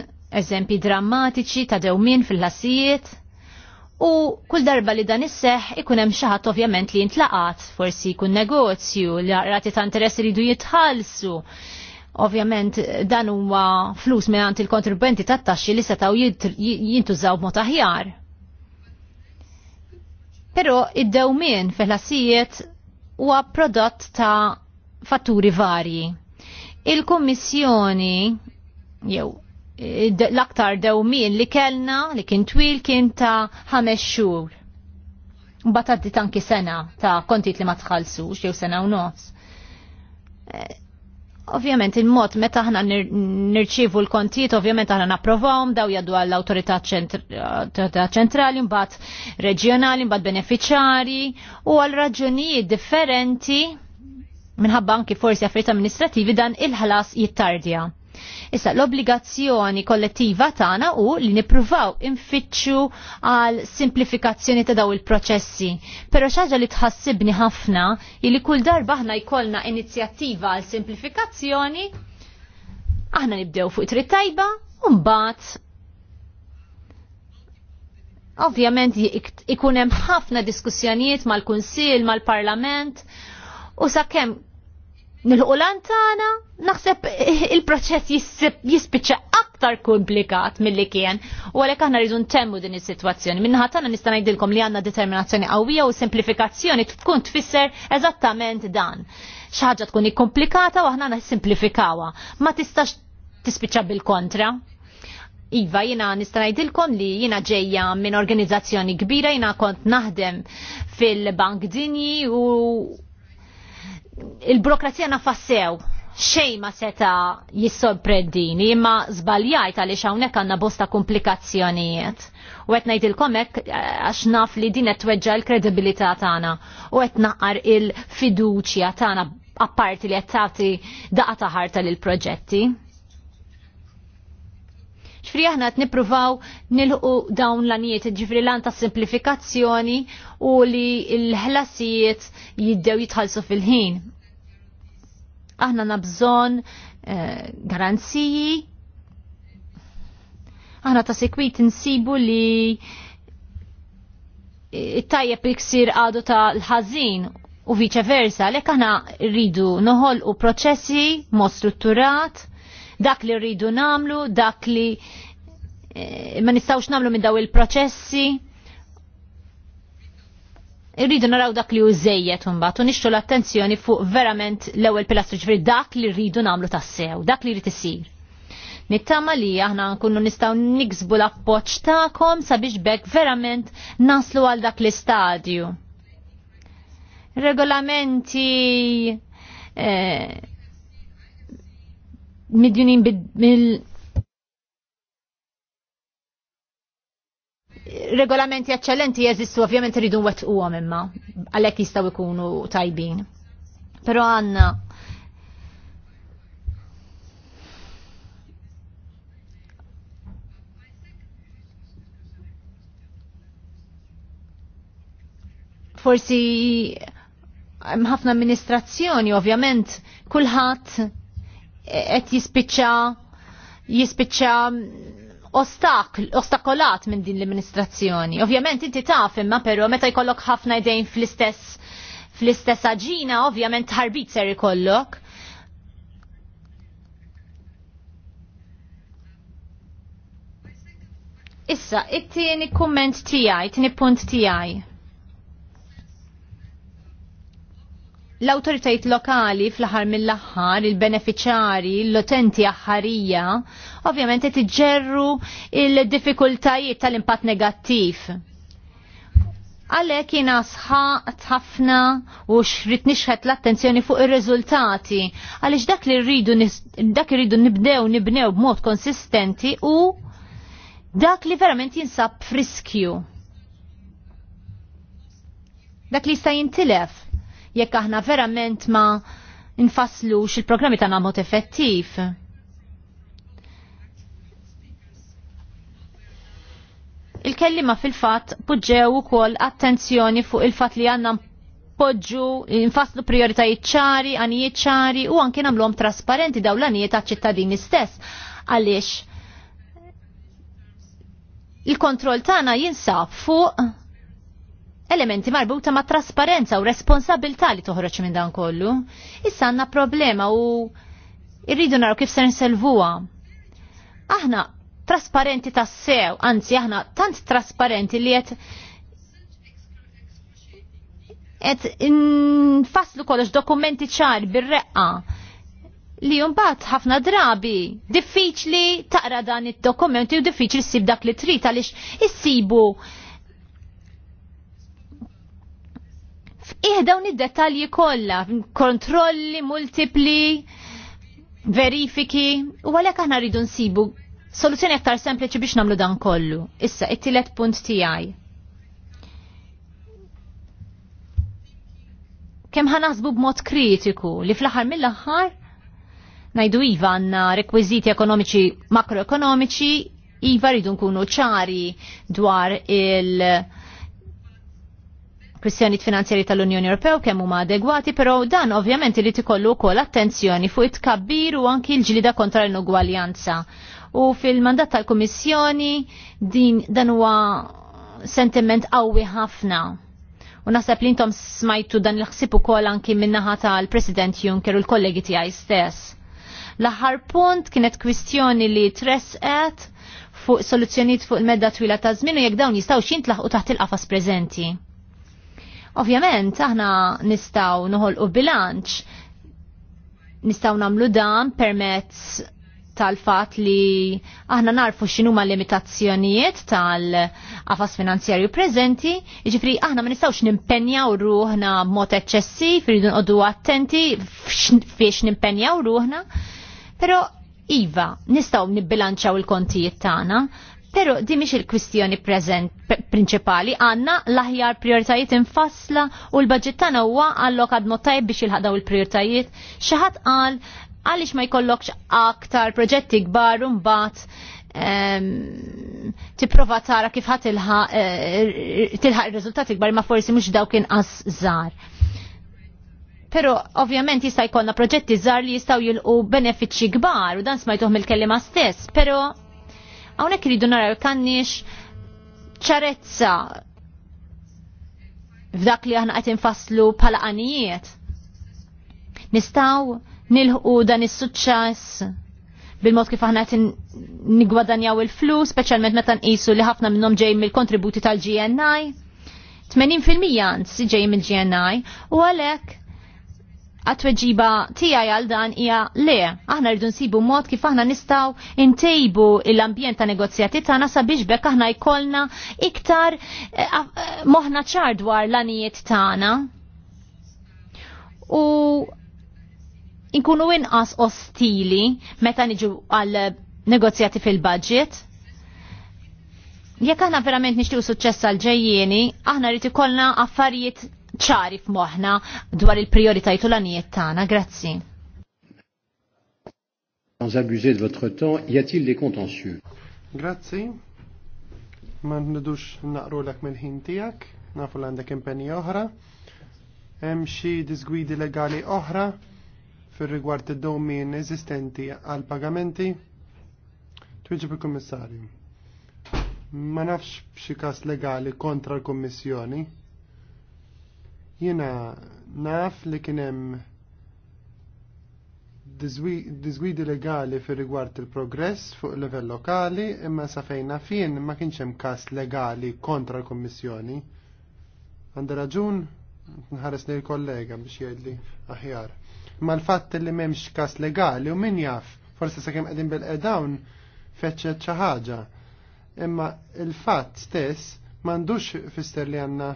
eżempi drammatiċi ta' dewmien fil-ħlasijiet U kull darba li dan isseħ ikun hemm xi ħadd ovvjament li jintlaqat, forsi jkun negozju li rati ta' interess iridu jitħallsu. Ovvjament dan huwa flus me għand il-kontribwenti tat-taxxi li setgħu jintużaw b'mod aħjar. Però id-dewmien fil-ħassijiet huwa prodott ta' fatturi varji. Il-Kummissjoni jew l-aktar dewmien li kellna li kien twil kien ta' ħames xhur. Mbagħad għaddi tanki sena ta' kontit li ma tħallsux jew sena u nofs. Eh, ovvjament il-mod meta aħna nirċivu l-kontijiet, ovvjament aħna napprovawhom daw jaddu għall awtorità ċentrali, mbagħad reġjonali, mbagħad beneficjari u għal raġunijiet differenti minħabba anki forsi affarijiet amministrativi dan il-ħlas jittardja. Issa l-obbligazzjoni kollettiva tagħna u li nippruvaw infittxu għal simplifikazzjoni ta' daw il-proċessi. Però xaġa li tħassibni ħafna li kull darba aħna jkollna inizjattiva għal simplifikazzjoni aħna nibdew fuq trid tajba u mbagħad Ovvjament ikun hemm ħafna diskussjonijiet mal-Kunsill, mal-Parlament, u sakemm nil-ħulan tana, naħseb il-proċess jispiċċa aktar komplikat mill-li kien, u għalek aħna rridu ntemmu din is-sitwazzjoni. Minna ħatana nista' ngħidilkom li għandna determinazzjoni qawwija u simplifikazzjoni tkun tfisser eżattament dan. Xaħġa tkun ikkomplikata u aħna nissimplifikawha. Ma tistax tispiċċa bil-kontra. Iva, jina nista' ngħidilkom li jina ġejja minn organizzazzjoni kbira, jina kont naħdem fil-Bank Dinji u il-burokrazija nafassew xej ma seta jissorprendini imma zbaljajt għaliex hawnhekk għandna bosta komplikazzjonijiet. U qed ngħidilkom hekk eh, għax naf li din qed tweġġa' l-kredibilità tagħna u qed naqar il-fiduċja tagħna apparti li qed tagħti daqa taħarta lill proġetti. Ġifri aħna qed nippruvaw nilħu dawn l-anijiet, ġifri lan ta' simplifikazzjoni u li l-ħlasijiet jiddew jitħallsu fil-ħin. Aħna nabżon eh, garanziji, aħna ta' sekwit insibu li tajjeb iksir għadu ta' l-ħazin u viċa versa, lek aħna rridu noħol u proċessi mod strutturat dak li rridu namlu, dak li e, ma nistawx namlu minn daw il-proċessi. Irridu naraw dak li użejjet mbagħad u nixtu l-attenzjoni fuq verament l-ewwel pilastru ġifri dak li rridu namlu tassew, dak li rrid isir. Nittama li aħna nkunu nistaw niksbu l-appoċ ta'kom sabiex bekk verament naslu għal dak l-istadju. Regolamenti eh, midjunin bil regolamenti eccellenti jeżistu, ovvjament rridu wet u għom imma, għalek jistaw ikunu tajbin. Pero għanna, forsi mm, ħafna amministrazzjoni, ovvjament, kulħadd qed jispiċċa jispiċċa ostakolat minn din l-amministrazzjoni. Ovvjament inti taf imma però meta jkollok ħafna idejn fl-istess fl-istess aġina ovvjament ħarbit ser ikollok. Issa, it-tieni kumment tiegħi, it-tieni punt tiegħi. l autoritajt lokali fl-aħħar mill-aħħar, il beneficiari l-utenti aħħarija, ovvjament qed iġġerru il-diffikultajiet tal-impatt negattiv. Għalhekk jina sħaqt ħafna u xrid nixħet l-attenzjoni fuq ir-riżultati għaliex dak li rridu dak irridu nibdew nibnew b'mod konsistenti u dak li verament jinsab friskju. Dak li jista' jintilef jekk aħna verament ma nfaslux il-programmi ta' mod effettiv. Il-kellima fil-fat poġġew ukoll attenzjoni fuq il-fat li għandna poġġu infaslu prioritajiet ċari, għanijiet ċari u anke nagħmluhom trasparenti dawn l-għanijiet għaċ-ċittadini stess. Għaliex il-kontroll tagħna jinsab fuq elementi marbuta ma' trasparenza u responsabilta li toħroġ minn dan kollu. Issa għandna problema u irridu naraw kif se nselvuha. Aħna trasparenti ta' sew anzi aħna tant trasparenti li qed et infaslu kollox dokumenti ċar bir-reqqa li jumbat ħafna drabi diffiċli taqra dan id-dokumenti u diffiċli ssib dak li trid għaliex issibu f'ih dawn id-dettalji kollha, kontrolli multipli, verifiki, u għalhekk aħna rridu nsibu soluzzjoni aktar sempliċi biex nagħmlu dan kollu. Issa, it-tielet punt tiegħi. Kemm ħanaħsbu b'mod kritiku li fl-aħħar mill-aħħar najdu iva għanna rekwiziti ekonomiċi makroekonomiċi, iva rridu nkunu ċari dwar il- Kwestjoni finanzjari tal-Unjoni Ewropew kemm huma adegwati, però dan ovvjament li tikollu wkoll attenzjoni fuq it-kabbir u anki l-ġlida kontra l-inugwaljanza. U fil-mandat tal-Kummissjoni din dan huwa sentiment qawwi ħafna. U naħseb li intom smajtu dan il ħsib ukoll anki minnaħa tal-President Juncker u l-kollegi tiegħi stess. L-aħħar punt kienet kwistjoni li tresqet fuq soluzzjonijiet fuq il-medda twila ta' żmien u jekk dawn jistgħu xintlaħqu taħt il-qafas preżenti Ovvjament, aħna nistaw noħolqu bilanċ, nistaw namlu dan permezz tal-fat li aħna narfu x'inhuma limitazzjonijiet tal-qafas finanzjarju preżenti, jiġifieri aħna ma nistgħux nimpenjaw ruħna b'mod eċċessiv, irridu nqogħdu attenti fiex nimpenjaw ruħna, però iva, nistgħu nibbilanċaw il-kontijiet tagħna, Pero di miex il-kwistjoni prezent prinċipali, għanna l-aħjar prioritajiet infasla u l-budget tagħna huwa għallok għad tajb biex il-ħadaw il-prioritajiet. Xaħat qal għaliex ma jkollokx aktar proġetti kbar u mbagħad ehm, tipprova tara kif ħat eh, tilħaq ir-riżultati kbar ma forsi mhux dawk inqas żgħar. Pero ovvjament jista' jkollna proġetti żgħar li jistgħu jilqu benefiċċji kbar u dan smajtuh mill-kelliema stess, pero Hawnhekk iridu għal-kannix ċarezza f'dak li aħna qed faslu bħala qanijiet. Nistgħu nilħu dan is-suċċess bil-mod kif aħna qed nigwadanjaw il-flus, speċjalment meta nqisu li ħafna minnhom ġej mill-kontributi tal-GNI. 80% si ġej mill-GNI u għalhekk għatweġiba tijaj għal dan hija le, aħna rridu nsibu mod kif aħna nistaw intejbu l-ambjent ta' negozjati tagħna sabiex bekk aħna jkollna iktar eh, eh, moħna ċar dwar l-anijiet tagħna. U inkunu inqas ostili meta niġu għal negozjati fil-budget. Jekk aħna verament nixtiequ suċċess għal ġejjieni, aħna rrid ikollna affarijiet ċari f'moħħna dwar il-prioritajt u l-anijiet tagħna. Grazzi. Sans abuser de votre temps, y a-t-il des contentieux Grazzi. Ma nridux naqru l mill-ħin tiegħek, nafu l-għandek impenni oħra. Hemm xi disgwidi legali oħra fir-rigward id-domin eżistenti għal pagamenti? Twiġi il-Kummissarju. Ma nafx b'xi każ legali kontra l-Kummissjoni Jiena naf li kien hemm diżwidi legali fi rigward il-progress fuq level lokali imma sa fejna ma kienx hemm każ legali kontra l-Kummissjoni. għanda raġun nħares li l-kollega biex jgħidli aħjar. Ma l-fatt li m'hemmx każ legali u min jaf forsi sakemm qegħdin bil edawn feċċet xi ħaġa. Imma il-fatt stess m'għandux fister li għandna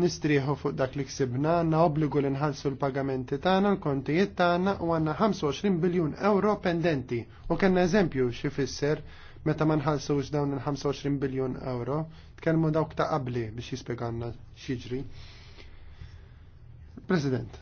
nistrieħu fuq dak li ksibna, għanna obbligu li nħallsu l-pagamenti tagħna, l-kontijiet tagħna u għanna 25 biljun euro pendenti. U kellna eżempju xi fisser meta ma nħallsux dawn il-25 biljun euro, tkellmu dawk ta' qabli biex jispjeganna xiġri. President,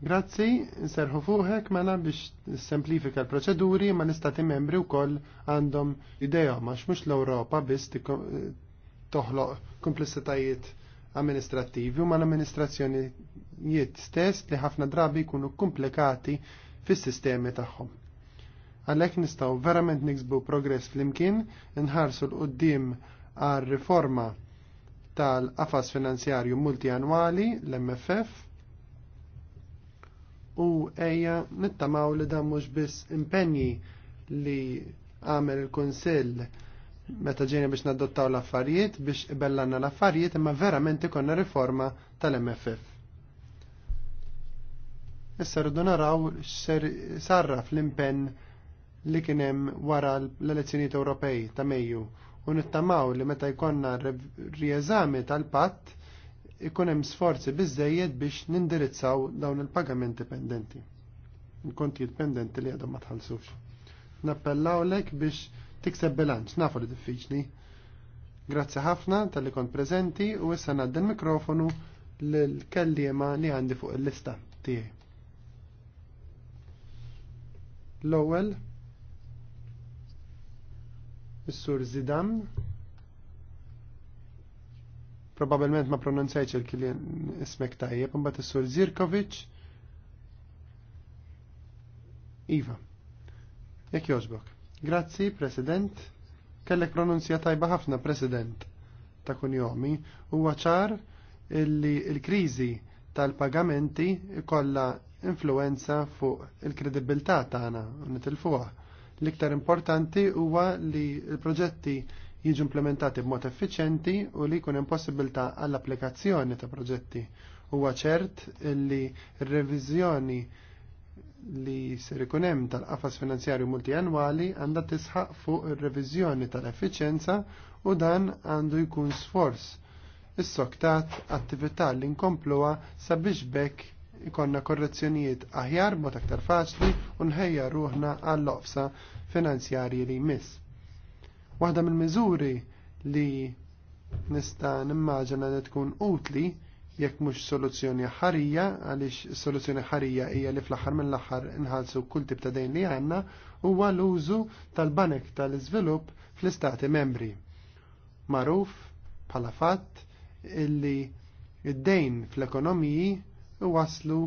Grazzi, nserħu fuħek mela biex semplifika l-proċeduri ma nistati membri u koll għandhom ideja ma xmux l-Europa biex toħloq komplessitajiet amministrattivi u mal amministrazzjonijiet stess li ħafna drabi jkunu komplikati fis-sistemi tagħhom. Għalhekk nistgħu verament niksbu progress flimkien, nħarsu l-qudiem għal riforma tal-qafas finanzjarju multianwali l-MFF u ejja nittamaw li dan mhux biss impenji li għamel il-Kunsill meta ġejna biex nadottaw l-affarijiet biex ibellanna l-affarijiet imma verament ikonna riforma tal-MFF. Issa rridu naraw sarraf l-impenn li kien hemm wara l-elezzjonijiet Ewropej ta' Mejju u nittamaw li meta jkollna rieżami tal-patt ikun hemm sforzi biżejjed biex nindirizzaw dawn il-pagamenti pendenti. il konti pendenti li għadhom ma tħallsux. Nappellawlek biex tikseb bilanċ, nafu li diffiċli. Grazzi ħafna tal-li kont prezenti u issa nadda l-mikrofonu l-kellima li għandi fuq il-lista tiegħi. L-ewwel is-sur Zidam probabilment ma pronunzajċ il-kilien ismek tajjeb, mbagħad is-sur Zirkovic. Iva. Jekk jogħġbok. Grazzi, President. Kellek pronunzja tajba ħafna, President, ta' kunjomi. Huwa ċar illi il-kriżi tal-pagamenti kollha influenza fuq il-kredibilità tagħna u nitilfuha. L-iktar importanti huwa li l-proġetti jiġu implementati b'mod effiċenti u li jkun possibilità għall-applikazzjoni ta' proġetti. Huwa ċert li r-reviżjoni li ser ikun hemm tal-qafas finanzjarju multianwali għandha tisħaq fuq ir-reviżjoni tal-effiċenza u dan għandu jkun sforz is-soktat attività li nkompluha sabiex bekk ikonna korrezzjonijiet aħjar mod aktar faċli u nħejja ruħna għall oqsa finanzjarji li jmiss. Waħda mill-miżuri li nista' nimmaġina li tkun utli jekk mhux soluzzjoni ħarija għaliex soluzzjoni ħarija hija li fl-aħħar mill-aħħar inħallsu kull tip ta' dejn li għandna huwa l-użu tal-banek tal-iżvilupp fl-istati membri. Maruf bħala fatt illi id-dejn fl-ekonomiji waslu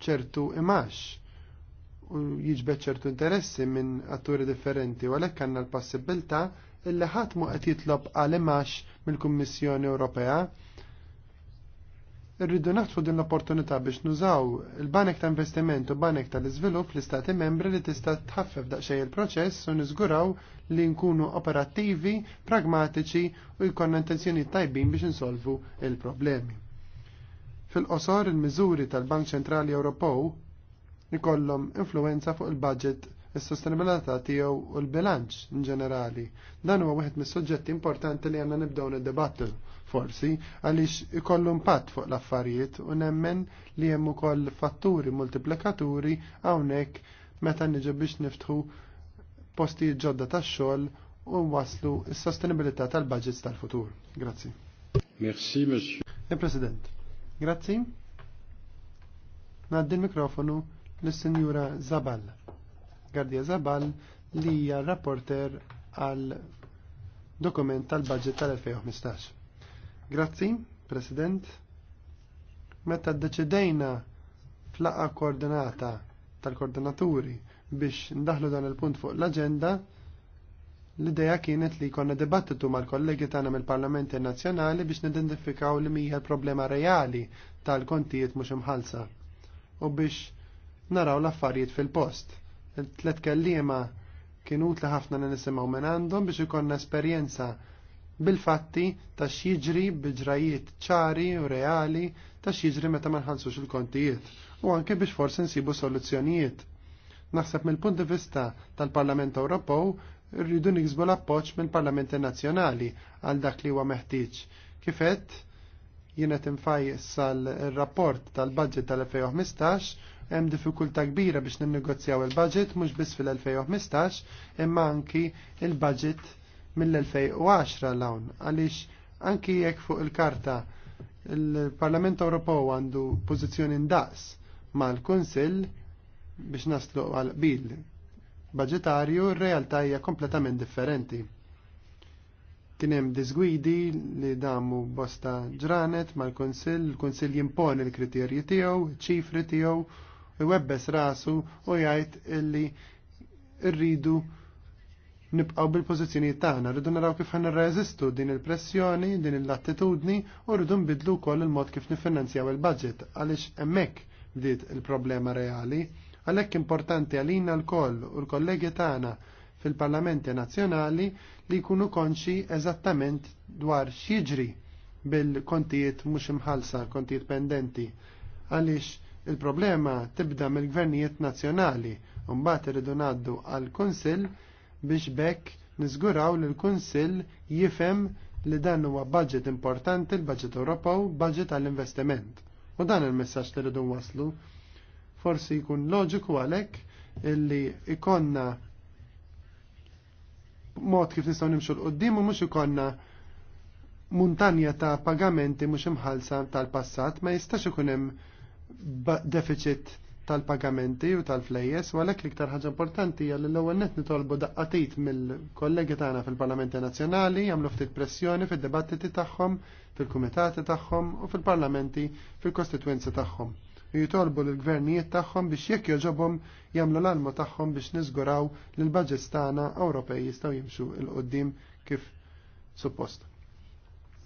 ċertu imax u jiġbed ċertu interessi minn atturi differenti u għalhekk għandna l-possibilità illi ħadd ma qed jitlob għal imax mill-Kummissjoni Ewropea. Irridu naħtfu din l-opportunità biex nużaw il-banek ta' investiment u banek tal-iżvilupp l-istati membri li tista' tħaffef daqsxejn il-proċess u niżguraw li nkunu operattivi, pragmatiċi u jkollna intenzjoni tajbin biex insolvu il-problemi. Fil-qosor il-miżuri tal-Bank Ċentrali Ewropew ikollhom influenza fuq il-budget is-sostenibilità tiegħu u l-bilanċ in ġenerali. Dan huwa wieħed mis-suġġetti importanti li għandna nibdew niddebattu forsi għaliex ikollu impatt fuq l-affarijiet u nemmen li hemm ukoll fatturi multiplikaturi hawnhekk meta niġu biex niftħu postijiet ġodda tax-xogħol u waslu s-sostenibilità tal-budgets tal-futur. Grazzi. Merci, monsieur. Il-President, eh, grazzi. Naddi l-mikrofonu l-Sinjura Zaballa. Gardia Zabal li hija rapporter għal dokument tal-budget tal-2015. Grazzi, President. Meta deċidejna flaqa koordinata tal-koordinaturi biex ndaħlu dan il-punt fuq l-agenda, l-ideja kienet li konna dibattitu mal-kollegi tagħna mill-Parlamenti Nazzjonali biex nidentifikaw li mija l-problema reali tal-kontijiet mhux imħalsa u biex naraw l-affarijiet fil-post Tlet kellima kienu li ħafna li nisimaw minn għandhom biex ikonna esperjenza bil-fatti ta' x'jiġri ġrajiet ċari u reali ta' xieġri meta ma nħallsux il-kontijiet u anke biex forsi nsibu soluzzjonijiet. Naħseb mill-punt di vista tal-Parlament Ewropew rridu nixbu l-appoġġ mill-Parlamenti Nazzjonali għal dak li huwa meħtieġ. Kifet jiena timfaj sal-rapport tal-budget tal-2015 hemm diffikultà kbira biex ninnegozjaw il-budget mhux biss fil-2015 imma anki il-budget mill-2010 l-hawn għaliex anki jekk fuq il-karta il-Parlament Ewropew għandu pożizzjoni ndaqs mal-Kunsill biex naslu għal bil budgetarju r-realtà hija kompletament differenti kien hemm disgwidi li damu bosta ġranet mal-Kunsill, il-Kunsill jimponi l-kriterji tiegħu, ċifri tiegħu iwebbes rasu u jgħid illi rridu nibqgħu bil-pożizzjonijiet tagħna, rridu naraw kif ħan rezistu din il-pressjoni, din l-attitudni u rridu nbidlu wkoll il-mod kif nifinanzjaw il-budget għaliex hemmhekk bdiet il-problema reali. Għalhekk importanti għalina l-koll u l-kollegi tagħna fil-parlamenti nazzjonali li jkunu konxi eżattament dwar x'jiġri bil-kontijiet mhux imħalsa, kontijiet pendenti. Għaliex Il-problema tibda mill-gvernijiet nazzjonali u mbagħad iridu ngħaddu għall-Kunsill biex bekk niżguraw li l-Kunsill jifhem li dan huwa budget importanti, l-budget Ewropew, budget għall-investiment. U dan il-messaġġ li rridu waslu. Forsi jkun loġiku għalhekk illi ikonna mod kif nistgħu nimxu l qudiem u mhux ikonna muntanja ta' pagamenti mhux imħalsa tal-passat ma jistax ikun hemm deficit tal-pagamenti u tal-flejjes, u għalhekk liktar iktar ħaġa importanti hija li l-ewwel nett nitolbu daqqatit mill-kollegi tagħna fil-Parlamenti Nazzjonali jagħmlu ftit pressjoni fil-debattiti tagħhom, fil-kumitati tagħhom u fil-parlamenti fil-kostitwenzi tagħhom. U jitolbu lill-gvernijiet tagħhom biex jekk joġobhom jagħmlu l-alma tagħhom biex niżguraw li l-budgets tagħna Ewropej jistgħu jimxu l qudiem kif suppost.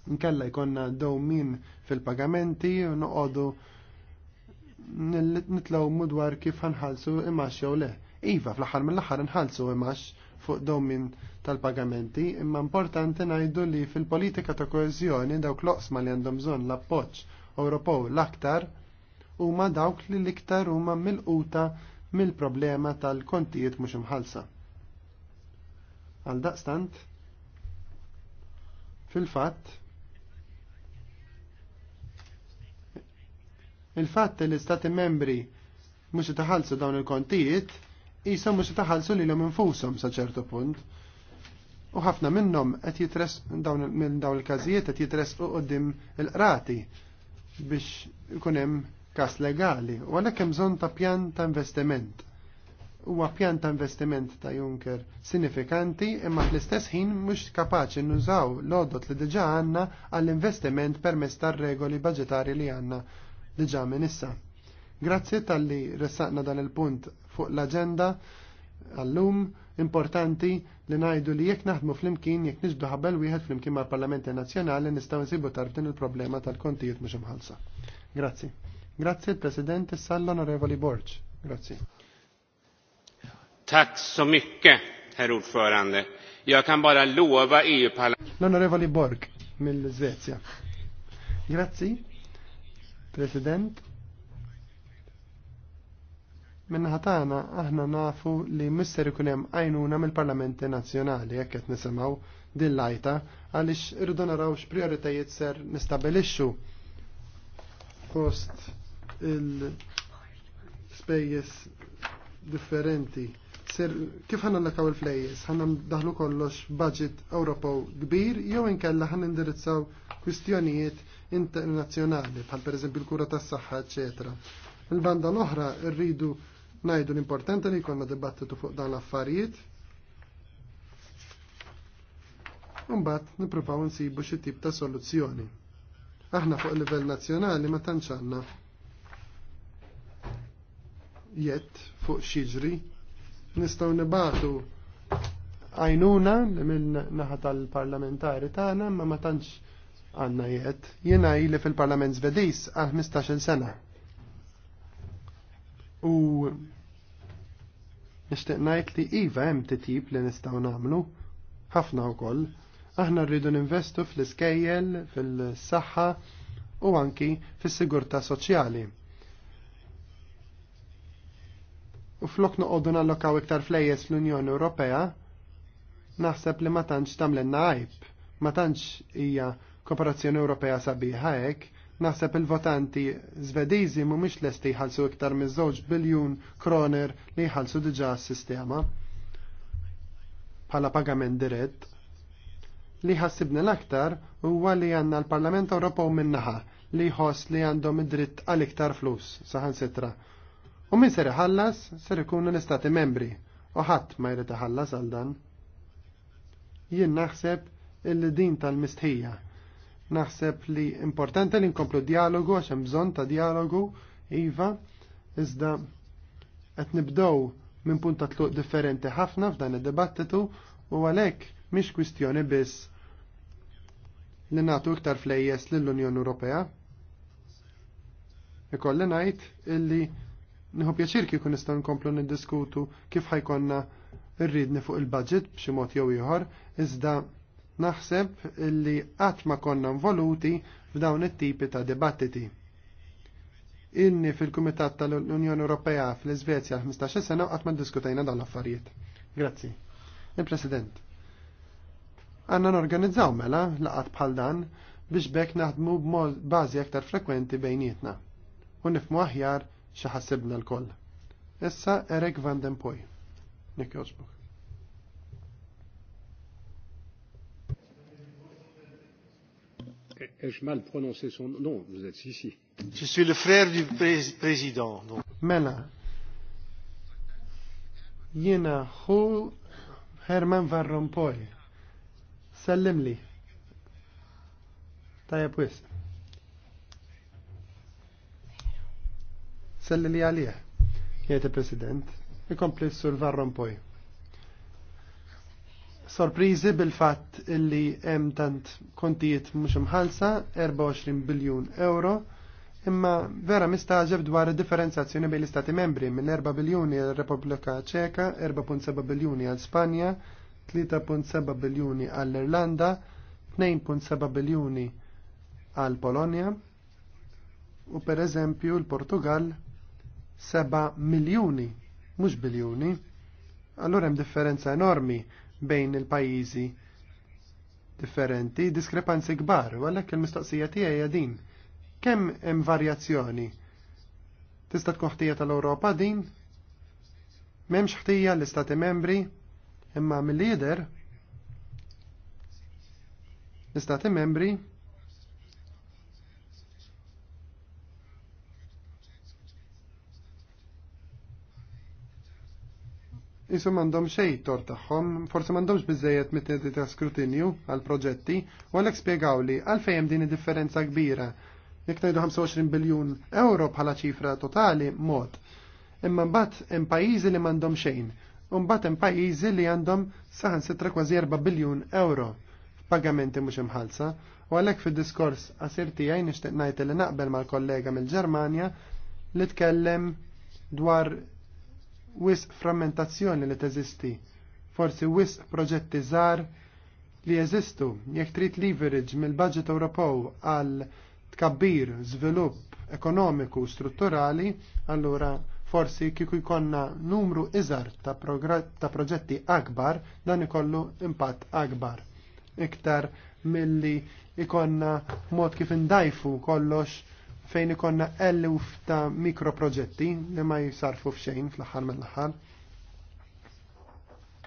Nkella jkollna dowmin fil-pagamenti u noqogħdu nitlaw mudwar kif ħanħalsu imax jew le. Iva, fl-aħħar mill-aħħar nħalsu imax fuq domin tal-pagamenti, imma importanti ngħidu li fil-politika ta' koezjoni dawk loqsma li għandhom bżonn l-appoġġ Ewropew l-aktar huma dawk li l-iktar huma mil quta mill-problema tal-kontijiet mhux imħalsa. Għal daqstant, fil-fatt, Il-fatt li l istati membri mhux taħalsu dawn il-kontijiet isa mhux taħalsu lilhom infushom sa ċertu punt. U ħafna minnhom qed jitres dawn minn dawn il-każijiet qed jitresqu qudiem il-qrati biex ikun hemm każ legali u għalhekk hemm bżonn ta' pjan ta' investiment. Huwa pjan ta' investiment ta' Juncker sinifikanti imma fl-istess ħin mhux kapaċi nużaw l-odot li diġà għandna għall-investiment permezz tar-regoli budġetarji li għandna diġa minn issa. Grazzi tal-li ressaqna dan il-punt fuq l-agenda għallum importanti li najdu li jekk naħdmu fl-imkien jekk nisbdu ħabel wieħed fl-imkien mal parlamenti Nazzjonali nistgħu nsibu tarbtin il-problema tal-kontijiet mhux imħalsa. Grazzi. Grazzi il-President issa onorevoli Borġ. Grazzi. Tack så herr ordförande. Jag kan bara lova EU-parlamentet. L'onorevoli Borg, mill-Svezja. Grazzi President, minna ħatana aħna nafu li misser ikun hemm għajnuna mill-Parlamenti Nazzjonali jekk qed nisimgħu din lajta għaliex irridu naraw x'prijoritajiet ser nistabilixxu fost il-spejjeż differenti kif ħan nallakaw il-flejjes? ħanna daħlu kollox budget Ewropew kbir jew inkella ħan indirizzaw kwistjonijiet internazzjonali bħal pereżempju l-kura tas-saħħa, eċetera. Il-banda l-oħra rridu ngħidu l-importanti li jkollna dibattitu fuq dan l-affarijiet. mbagħad nippruvaw nsibu xi tip ta' soluzzjoni. Aħna fuq il-livell nazzjonali ma tantx għandna jett fuq xiġri nistgħu nibatu għajnuna minn naħa tal-parlamentari tagħna ma ma tantx għandna jiet. Jiena ili fil-Parlament Svediż għal 15-il sena. U nixtieq ngħid li iva hemm titjib li nistgħu nagħmlu ħafna wkoll. Aħna rridu ninvestu fl-iskejjel, fil-saħħa u anki fis-sigurtà soċjali u flok noqogħdu nallokaw iktar flejjes l-Unjoni Ewropea, naħseb li ma tantx għajb, ma tantx hija kooperazzjoni Ewropea sabiħa hekk, naħseb il-votanti Zvediżi mhumiex lesti jħallsu iktar minn żewġ biljun kroner li jħallsu diġà s-sistema bħala pagament dirett. Li ħassibni l-aktar huwa li għandna l-Parlament Ewropew minnaħa li jħoss li għandhom id-dritt għal iktar flus saħansitra. U min ser iħallas ser ikunu l-istati membri u ħadd ma jrid iħallas għal dan. Jien naħseb il-din tal-mistħija. Naħseb li importanti li nkomplu dialogu għax hemm bżonn ta' dialogu iva iżda qed nibdew minn punta tluq differenti ħafna f'dan id-dibattitu u għalhekk mhix kwistjoni biss li nagħtu iktar flejjes lill-Unjoni Ewropea. Ikolli ngħid illi Niħu pjaċir kif nistgħu nkomplu niddiskutu kif ħajkonna rridni fuq il-budget b'xi mod jew ieħor, iżda naħseb li qatt ma konna involuti f'dawn it-tipi ta' dibattiti. Inni fil-Kumitat tal-Unjoni Ewropea fl-Iżvezja 15 sena qatt ma ddiskutajna dawn l-affarijiet. Grazzi. Il-President. Għanna norganizzaw mela laqat bħal dan biex bekk naħdmu b'mod bażi aktar frekwenti bejnietna u nifmu aħjar xaħasibna l-koll. Issa Eric Van Den Poy. Nick Josbuk. Ai-je mal prononcé son nom vous êtes ici. Je suis le frère du pré président. Donc. Mela. Jena hu Herman Van Rompuy. Sellim li. Tajab wisq. Selli li għalih, jgħid president ikompli sur poj. Sorprizi bil-fatt illi hemm tant kontijiet mhux imħalsa 24 biljun euro, imma vera mistaġeb dwar differenzjazzjoni bejn l-Istati membri minn 4 biljuni għal Repubblika Ċeka, 4.7 biljuni għal Spanja, 3.7 biljuni għall Irlanda, 2.7 biljuni għal Polonja, u per eżempju l-Portugal Seba' miljuni, mhux biljuni. Allura hemm differenza enormi bejn il-pajjiżi differenti, diskrepanzi kbar, u għalhekk il-mistoqsija tiegħi din. Kemm hemm varjazzjoni? Tista' tkun ħtija tal-Ewropa din? M'hemmx ħtija l-Istati membri, imma mill-lider l-Istati membri Isu mandom xej tor taħħom, forse mandomx bizzejet mitedi ta' skrutinju għal proġetti, u għalek spiegaw li għal-fejem din differenza kbira. Jek najdu 25 biljun euro bħala ċifra totali, mod. Imma mbagħad hemm pajjiżi li m'għandhom xejn, u mbagħad hemm pajjiżi li għandhom saħan sitra kważi 4 biljun euro f'pagamenti mhux imħalsa, u għalhekk fid-diskors qasir tiegħi nixtieq ngħid li naqbel mal-kollega mill-Ġermanja li tkellem dwar wis frammentazzjoni li teżisti, forsi wis proġetti żgħar li jeżistu jekk trid leverage mill-budget Ewropew għal tkabbir, żvilupp ekonomiku u strutturali, allura forsi kieku jkollna numru iżgħar ta', ta proġetti akbar dan ikollu impatt akbar. Iktar milli ikonna mod kif indajfu kollox fejn ikonna eluf ta' mikroproġetti li ma jisarfu f'xejn fl-aħħar mill-aħħar.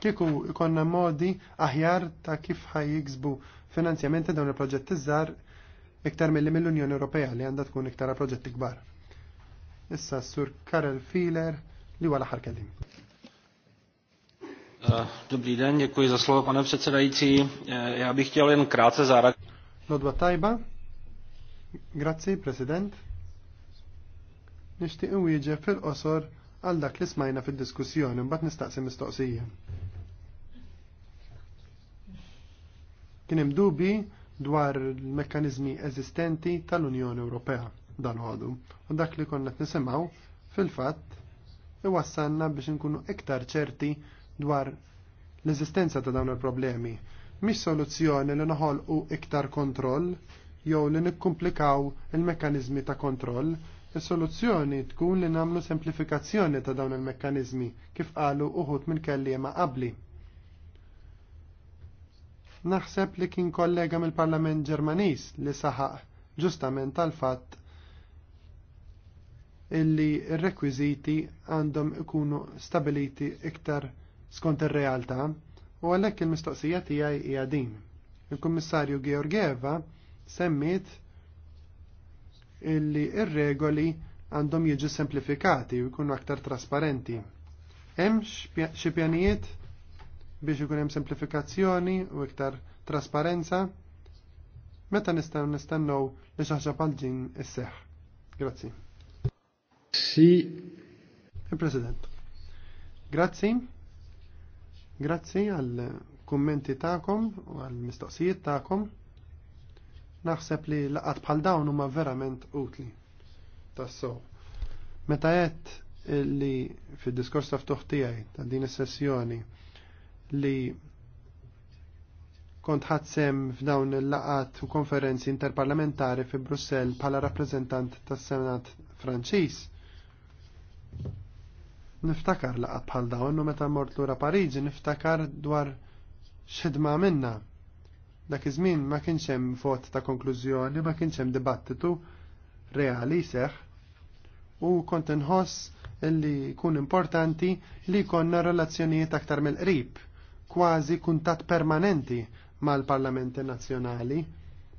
Kieku ikonna modi aħjar ta' kif ħaj jiksbu finanzjamenti dawn il-proġetti zzar iktar milli mill-Unjoni Ewropea li għandha tkun iktar proġetti kbar. Issa s-sur Karel Filer li wara ħar kellim. Eh, dobrý den, děkuji za slovo, pane předsedající. Eh, já bych chtěl jen krátce zareagovat. Lodba Tajba, Grazzi, President. Nishtiq wieġeb fil-qosor għal dak li smajna fil-diskussjoni mbagħad nistaqsi mistoqsija. Kien hemm dubi dwar il-mekkaniżmi eżistenti tal-Unjoni Ewropea dan għadu u dak li konna nisimgħu fil-fatt iwassalna biex inkunu iktar ċerti dwar l-eżistenza ta' dawn il-problemi. Mhix soluzzjoni li noħolqu iktar kontroll jew li nikkumplikaw il-mekkaniżmi ta' kontroll. Is-soluzzjoni tkun li nagħmlu semplifikazzjoni ta' dawn il-mekkaniżmi kif qalu uħud minn kelliema qabli. Naħseb li kien kollega mill-Parlament Ġermaniż li saħaq ġustament tal-fatt illi r-rekwiżiti għandhom ikunu stabiliti iktar skont ir-realtà u għalhekk il-mistoqsija tiegħi hija din. Il-Kummissarju Georgieva semmit illi ir-regoli għandhom jiġu semplifikati u jkunu aktar trasparenti. Hemm xi pjanijiet biex ikun hemm semplifikazzjoni u iktar trasparenza meta nistgħu nistennew li xi ħaġa bħal din isseħħ. Grazzi. Si. Il-President. Grazzi. Grazzi għall kummenti tagħkom u għall mistoqsijiet tagħkom naħseb li laqat bħal dawn huma verament utli. Tassow. Meta qed li fid-diskors ftuħ tiegħi ta' din is-sessjoni li kont ħadsem f'dawn il-laqat u konferenzi interparlamentari fi Brussell bħala rappreżentant tas-Senat Franċiż. Niftakar laqat bħal dawn u meta mort lura Pariġi niftakar dwar xidma minna Dak iż-żmien ma kienx hemm vot ta' konklużjoni, ma kienx hemm dibattitu reali seħ u kont inħoss li kun importanti li konna relazzjonijiet aktar mill-qrib, kważi kuntat permanenti mal-parlamenti nazzjonali.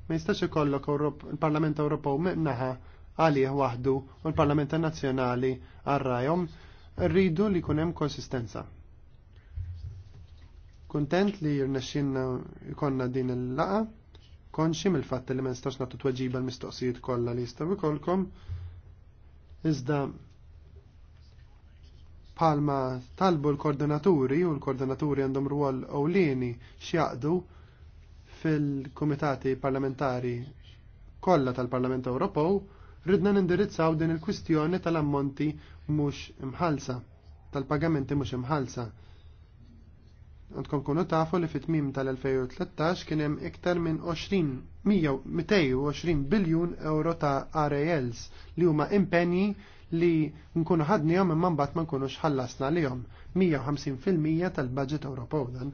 Ma jistax ikollok il-Parlament Ewropew minnaħa għalih waħdu u l-Parlament Nazzjonali għarrajhom rridu li kun hemm konsistenza. Kontent li jirnexxinna jkollna din il-laqa, konxi mill-fatt li ma nistax nagħtu tweġiba l-mistoqsijiet kollha li jistgħu ikolkom. Iżda palma talbu l-koordinaturi u l-koordinaturi għandhom rwol ewlieni x'jaqdu fil-kumitati parlamentari kollha tal-Parlament Ewropew ridna nindirizzaw din il-kwistjoni tal-ammonti mhux imħalsa, tal-pagamenti mhux imħalsa. Għandkom kunu tafu li fit-tmim tal-2013 kien hemm iktar minn 220 biljun euro ta' RALs li huma impenji li nkunu ħadnihom imma mbagħad ma nkunux ħallasna lihom 150% tal-budget Ewropew dan.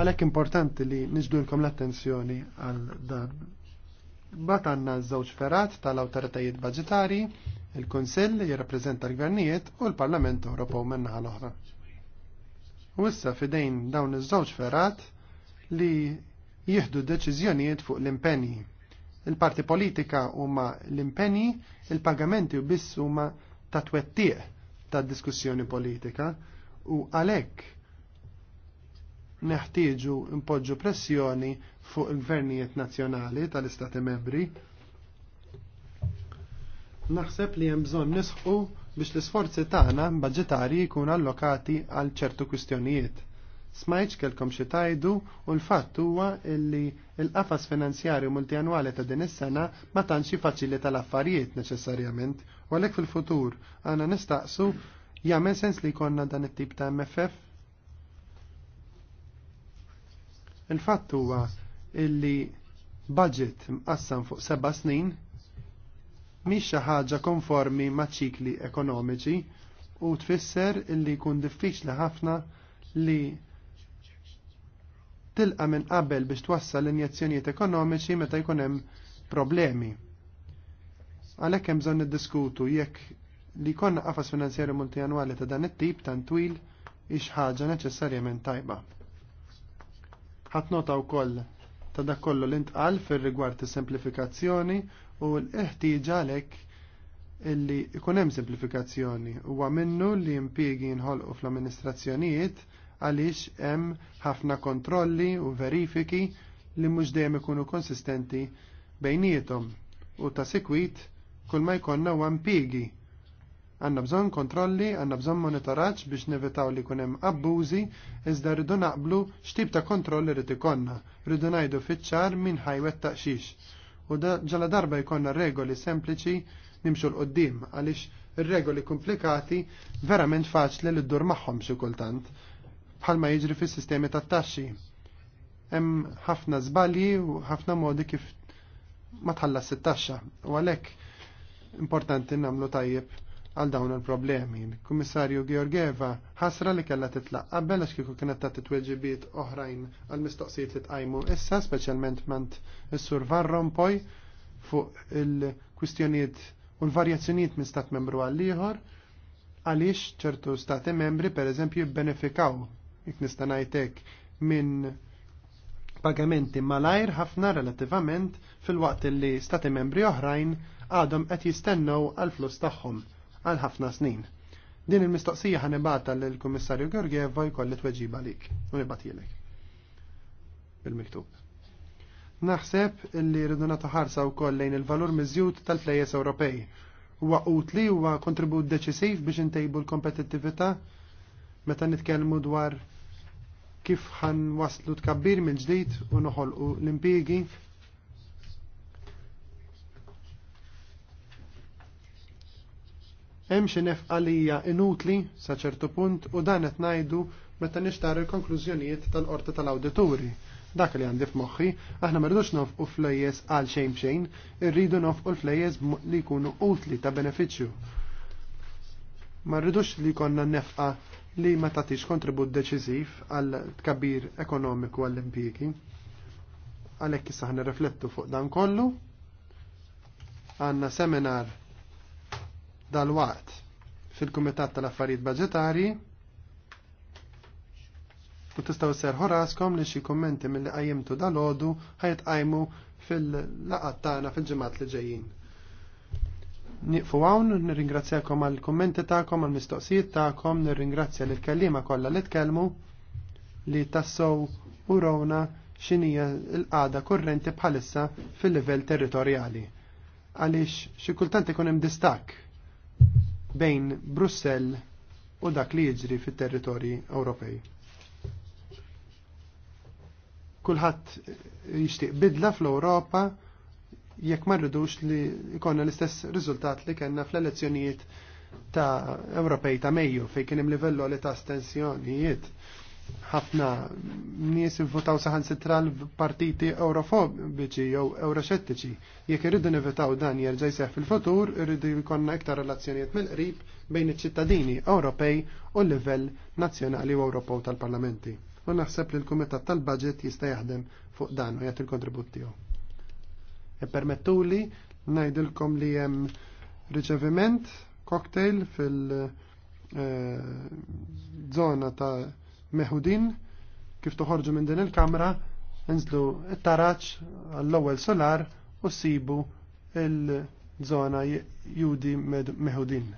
Għalhekk importanti li niġdulkom l-attenzjoni għal dan. Bat għandna żewġ ferat tal-awtoritajiet budgetari il-Kunsill li jirrappreżenta l-Gvernijiet u l-Parlament Ewropew min-naħa l-oħra. U issa fidejn dawn iż-żewġ ferat li jieħdu deċiżjonijiet fuq l-impenji. Il-parti politika huma l-impenji, il-pagamenti u biss huma ta' twettieq ta' diskussjoni politika u għalhekk neħtieġu impoġġu pressjoni fuq il-gvernijiet nazzjonali tal-Istati membri Naħseb li hemm bżonn nisħu biex l-isforzi tagħna budġetarji jkunu allokati għal ċertu kwistjonijiet. Smajċ kelkom xi tajdu u l-fatt huwa li l-qafas finanzjarju multianwali ta' din is-sena ma tantx jiffaċilita tal-affarijiet neċessarjament, u għalhekk fil-futur għandna nistaqsu jagħmel sens li jkollna dan it-tip ta' MFF? Il-fatt huwa illi budget mqassam fuq seba' snin mhix xi ħaġa konformi ma' ċikli ekonomiċi u tfisser illi jkun diffiċli ħafna li tilqa minn qabel biex twassal injezzjonijiet ekonomiċi meta jkun hemm problemi. Għalhekk hemm bżonn niddiskutu jekk li konna qafas finanzjarju multijanwali ta' dan it-tip tan twil ix ħaġa neċessarjament tajba. Ħadd nota wkoll ta' dak kollu l-intqal fir rigward is-semplifikazzjoni u l eħtiġ għalhekk illi ikun hemm simplifikazzjoni huwa minnu li impjiegi nħolqu fl-amministrazzjonijiet għaliex hemm ħafna kontrolli u verifiki li mhux dejjem ikunu konsistenti bejniethom u ta' sikwit kull ma jkollna huwa impjiegi. Għanna bżonn kontrolli, għandna bżonn monitoraġġ biex nevitaw li jkun hemm abbużi, iżda rridu naqblu x'tip ta' kontrolli rrid ikollna, rridu ngħidu fiċ-ċar min ħajwet taqxix u ġala darba jkollna regoli sempliċi nimxu l-qoddim għaliex regoli komplikati verament faċli li ddur magħhom xi kultant bħalma jiġri fis-sistemi tat-taxxi. Hemm ħafna żbalji u ħafna modi kif ma tħallas it-taxxa u għalhekk importanti nagħmlu tajjeb għal dawn il-problemi. Kummissarju Georgieva ħasra li kella titlaq qabel għax kieku kienet ta' titweġibiet oħrajn għal mistoqsijiet li tqajmu issa, speċjalment ment is-Sur Van Rompuy fuq il-kwistjonijiet u l-varjazzjonijiet minn stat membru għal ieħor għaliex ċertu stati membri per eżempju jibbenefikaw jekk nista' ngħidlek minn pagamenti malajr ħafna relattivament fil-waqt li stati membri oħrajn għadhom qed jistennew għal flus tagħhom għal ħafna snin. Din il-mistoqsija ħanibata l-Kummissarju Georgieva jkolli tweġiba għalik u jilek. bil-miktub. Naħseb li rridu nagħtu ħarsa wkoll lejn il-valur miżjud tal-plejjes Ewropej huwa utli huwa kontribut deċisiv biex intejbu l-kompetittività meta nitkellmu dwar kif ħan waslu tkabbir mill-ġdid u noħolqu l-impjiegi hemm xi nefqalija inutli sa ċertu punt u dan qed ngħidu meta nixtar il-konklużjonijiet tal-qorti tal-awdituri. Dak li għandi f'moħħi, aħna ma rridux u flejjes għal xejn xejn, irridu nofqu flejjes li jkunu utli ta' benefiċċju. Ma rridux li konna nefqa li ma tagħtix kontribut deċiżiv għal tkabbir ekonomiku għall-impjiegi. Għalhekk issa riflettu fuq dan kollu. Għandna seminar dal-waqt fil-Kumitat tal-Affarijiet Budgetari u tistaw serħu raskom li xi kummenti mill-li qajjimtu dal ħajt qajmu fil-laqat tagħna fil-ġimgħat li ġejjin. Nieqfu hawn, nirringrazzjakom għall kummenti tagħkom, għall mistoqsijiet tagħkom, nirringrazzja lil kellima kollha li tkellmu li tassow u rowna xinija l-qada korrenti bħalissa fil-livell territorjali. Għaliex xi kultant ikun hemm distakk bejn Brussell u dak li jiġri fit-territorji Ewropej. Kulħadd jixtieq bidla fl-Ewropa jekk ma rridux li jkollna l-istess riżultat li kellna fl-elezzjonijiet ta' Ewropej ta' Mejju fejn kien hemm livell li ta' stensjonijiet ħafna nies votaw saħan sitral partiti eurofobiċi jew euroxettiċi. Jekk irridu nivetaw dan jerġa' seħ fil-futur, irridu jkollna iktar relazzjonijiet mill-qrib bejn iċ-ċittadini Ewropej u l-livell nazzjonali u Ewropew tal-parlamenti. U naħseb li l-Kumitat tal-Budget jista' jaħdem fuq dan u jagħti il kontribut tiegħu. Ippermettuli e ngħidilkom li hemm riċeviment cocktail fil-żona eh, ta' meħudin kif toħorġu minn din il-kamra nżlu it-taraċ għall-ewwel solar u sibu il-żona judi meħudin.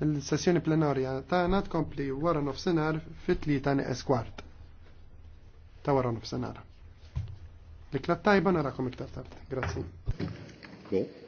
Il-sessjoni plenarja tagħna tkompli wara nofsinhar fit-tlieta neqes kwart. Ta' wara nofsinhar. Dik tajba narakom iktar tard. Grazzi. Cool.